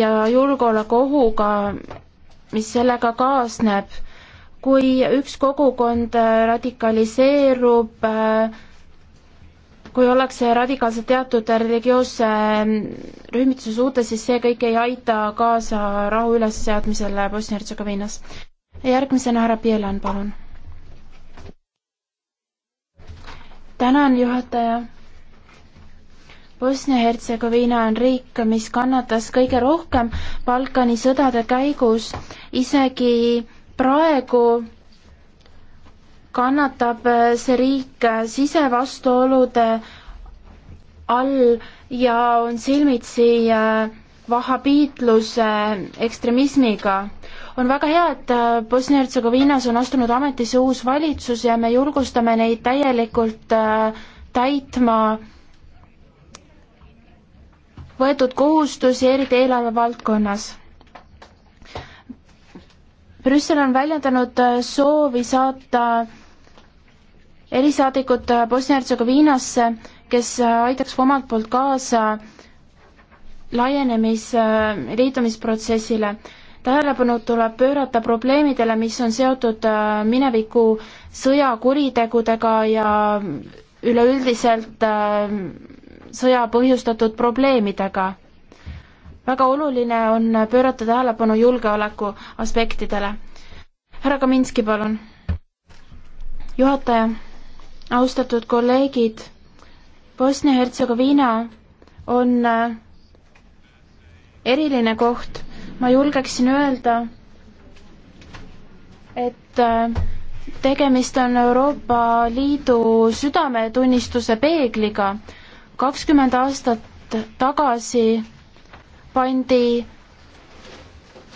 ja julgeolekuohuga, mis sellega kaasneb. kui üks kogukond äh, radikaliseerub äh, kui ollakse radikaalselt teatud religioosse ähm, rühmituse suhtes, siis see kõik ei aita kaasa rahu ülesseadmisele Bosnia-Hertsegoviinas. järgmisena härra Pielan, palun. tänan, juhataja. Bosnia-Hertsegoviina on riik, mis kannatas kõige rohkem Balkani sõdade käigus, isegi praegu kannatab äh, see riik äh, sisevastuolude all ja on silmitsi äh, vahabiitluse ekstremismiga. on väga hea, et Bosnia-Hertsegoviinas on astunud ametisse uus valitsus ja me julgustame neid täielikult täitma võetud kohustusi, eriti eelarve valdkonnas Brüssel on väljendanud soovi saata erisaadikut Bosnia-Hertsegoviinasse, kes aitaks omalt poolt kaasa laienemis, liitumisprotsessile. tähelepanu tuleb pöörata probleemidele, mis on seotud mineviku sõjakuritegudega ja üleüldiselt äh, sõja põhjustatud probleemidega. väga oluline on pöörata tähelepanu julgeoleku aspektidele. härra Kaminski, palun. juhataja austatud kolleegid, Bosnia-Hertsegoviina on äh, eriline koht, ma julgeksin öelda, et äh, tegemist on Euroopa Liidu südametunnistuse peegliga. kakskümmend aastat tagasi pandi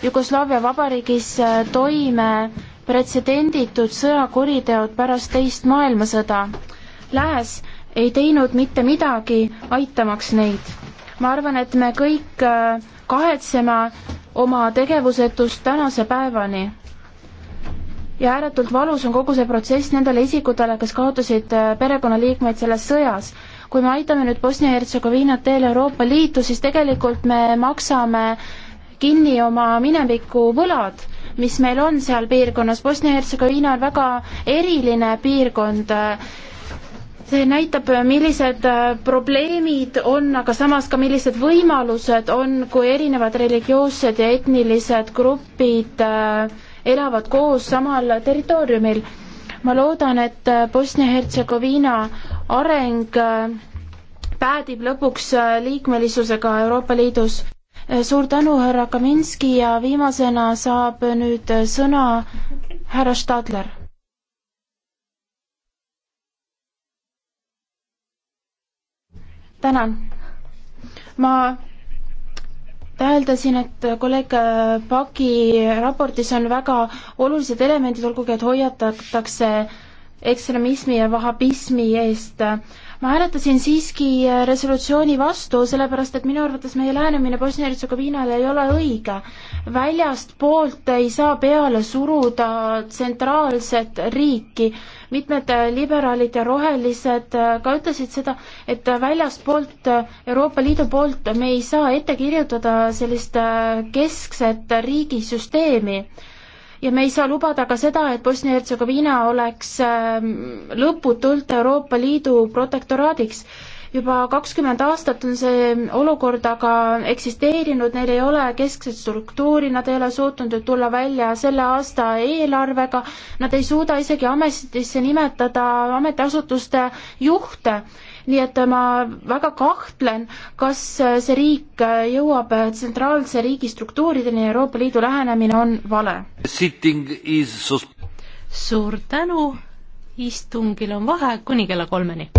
Jugoslaavia vabariigis äh, toime pretsedenditud sõjakuriteod pärast teist maailmasõda. Lääs ei teinud mitte midagi, aitamaks neid. ma arvan, et me kõik äh, kahetseme oma tegevusetust tänase päevani. ja ääretult valus on kogu see protsess nendele isikutele, kes kaotasid äh, perekonnaliikmeid selles sõjas kui me aitame nüüd Bosnia-Hertsegoviinat teel Euroopa Liitu, siis tegelikult me maksame kinni oma mineviku võlad mis meil on seal piirkonnas. Bosnia-Hertsegoviina on väga eriline piirkond. see näitab, millised äh, probleemid on, aga samas ka millised võimalused on, kui erinevad religioossed ja etnilised grupid äh, elavad koos samal territooriumil. ma loodan, et äh, Bosnia-Hertsegoviina areng päädib lõpuks liikmelisusega Euroopa Liidus suur tänu, härra Kaminski ja viimasena saab nüüd sõna härra Stadler. tänan. ma täheldasin, et kolleeg Paki raportis on väga olulised elemendid, olgugi et hoiatatakse ekstremismi ja vahabismi eest ma hääletasin siiski äh, resolutsiooni vastu, sellepärast et minu arvates meie lähenemine Bosnia-Hertsegoviinale ei ole õige. väljastpoolt ei saa peale suruda tsentraalset riiki. mitmed äh, liberaalid ja rohelised äh, ka ütlesid seda, et väljastpoolt, Euroopa Liidu poolt me ei saa ette kirjutada sellist keskset riigisüsteemi ja me ei saa lubada ka seda, et Bosnia-Hertsegoviina oleks ähm, lõputult Euroopa Liidu protektoraadiks. juba kakskümmend aastat on see olukord aga eksisteerinud, neil ei ole keskset struktuuri, nad ei ole suutnud ju tulla välja selle aasta eelarvega, nad ei suuda isegi ametisse nimetada ametiasutuste juhte nii et äh, ma väga kahtlen, kas äh, see riik äh, jõuab tsentraalse riigi struktuurideni ja Euroopa Liidu lähenemine on vale. suur tänu, istungil on vaheaeg kuni kella kolmeni.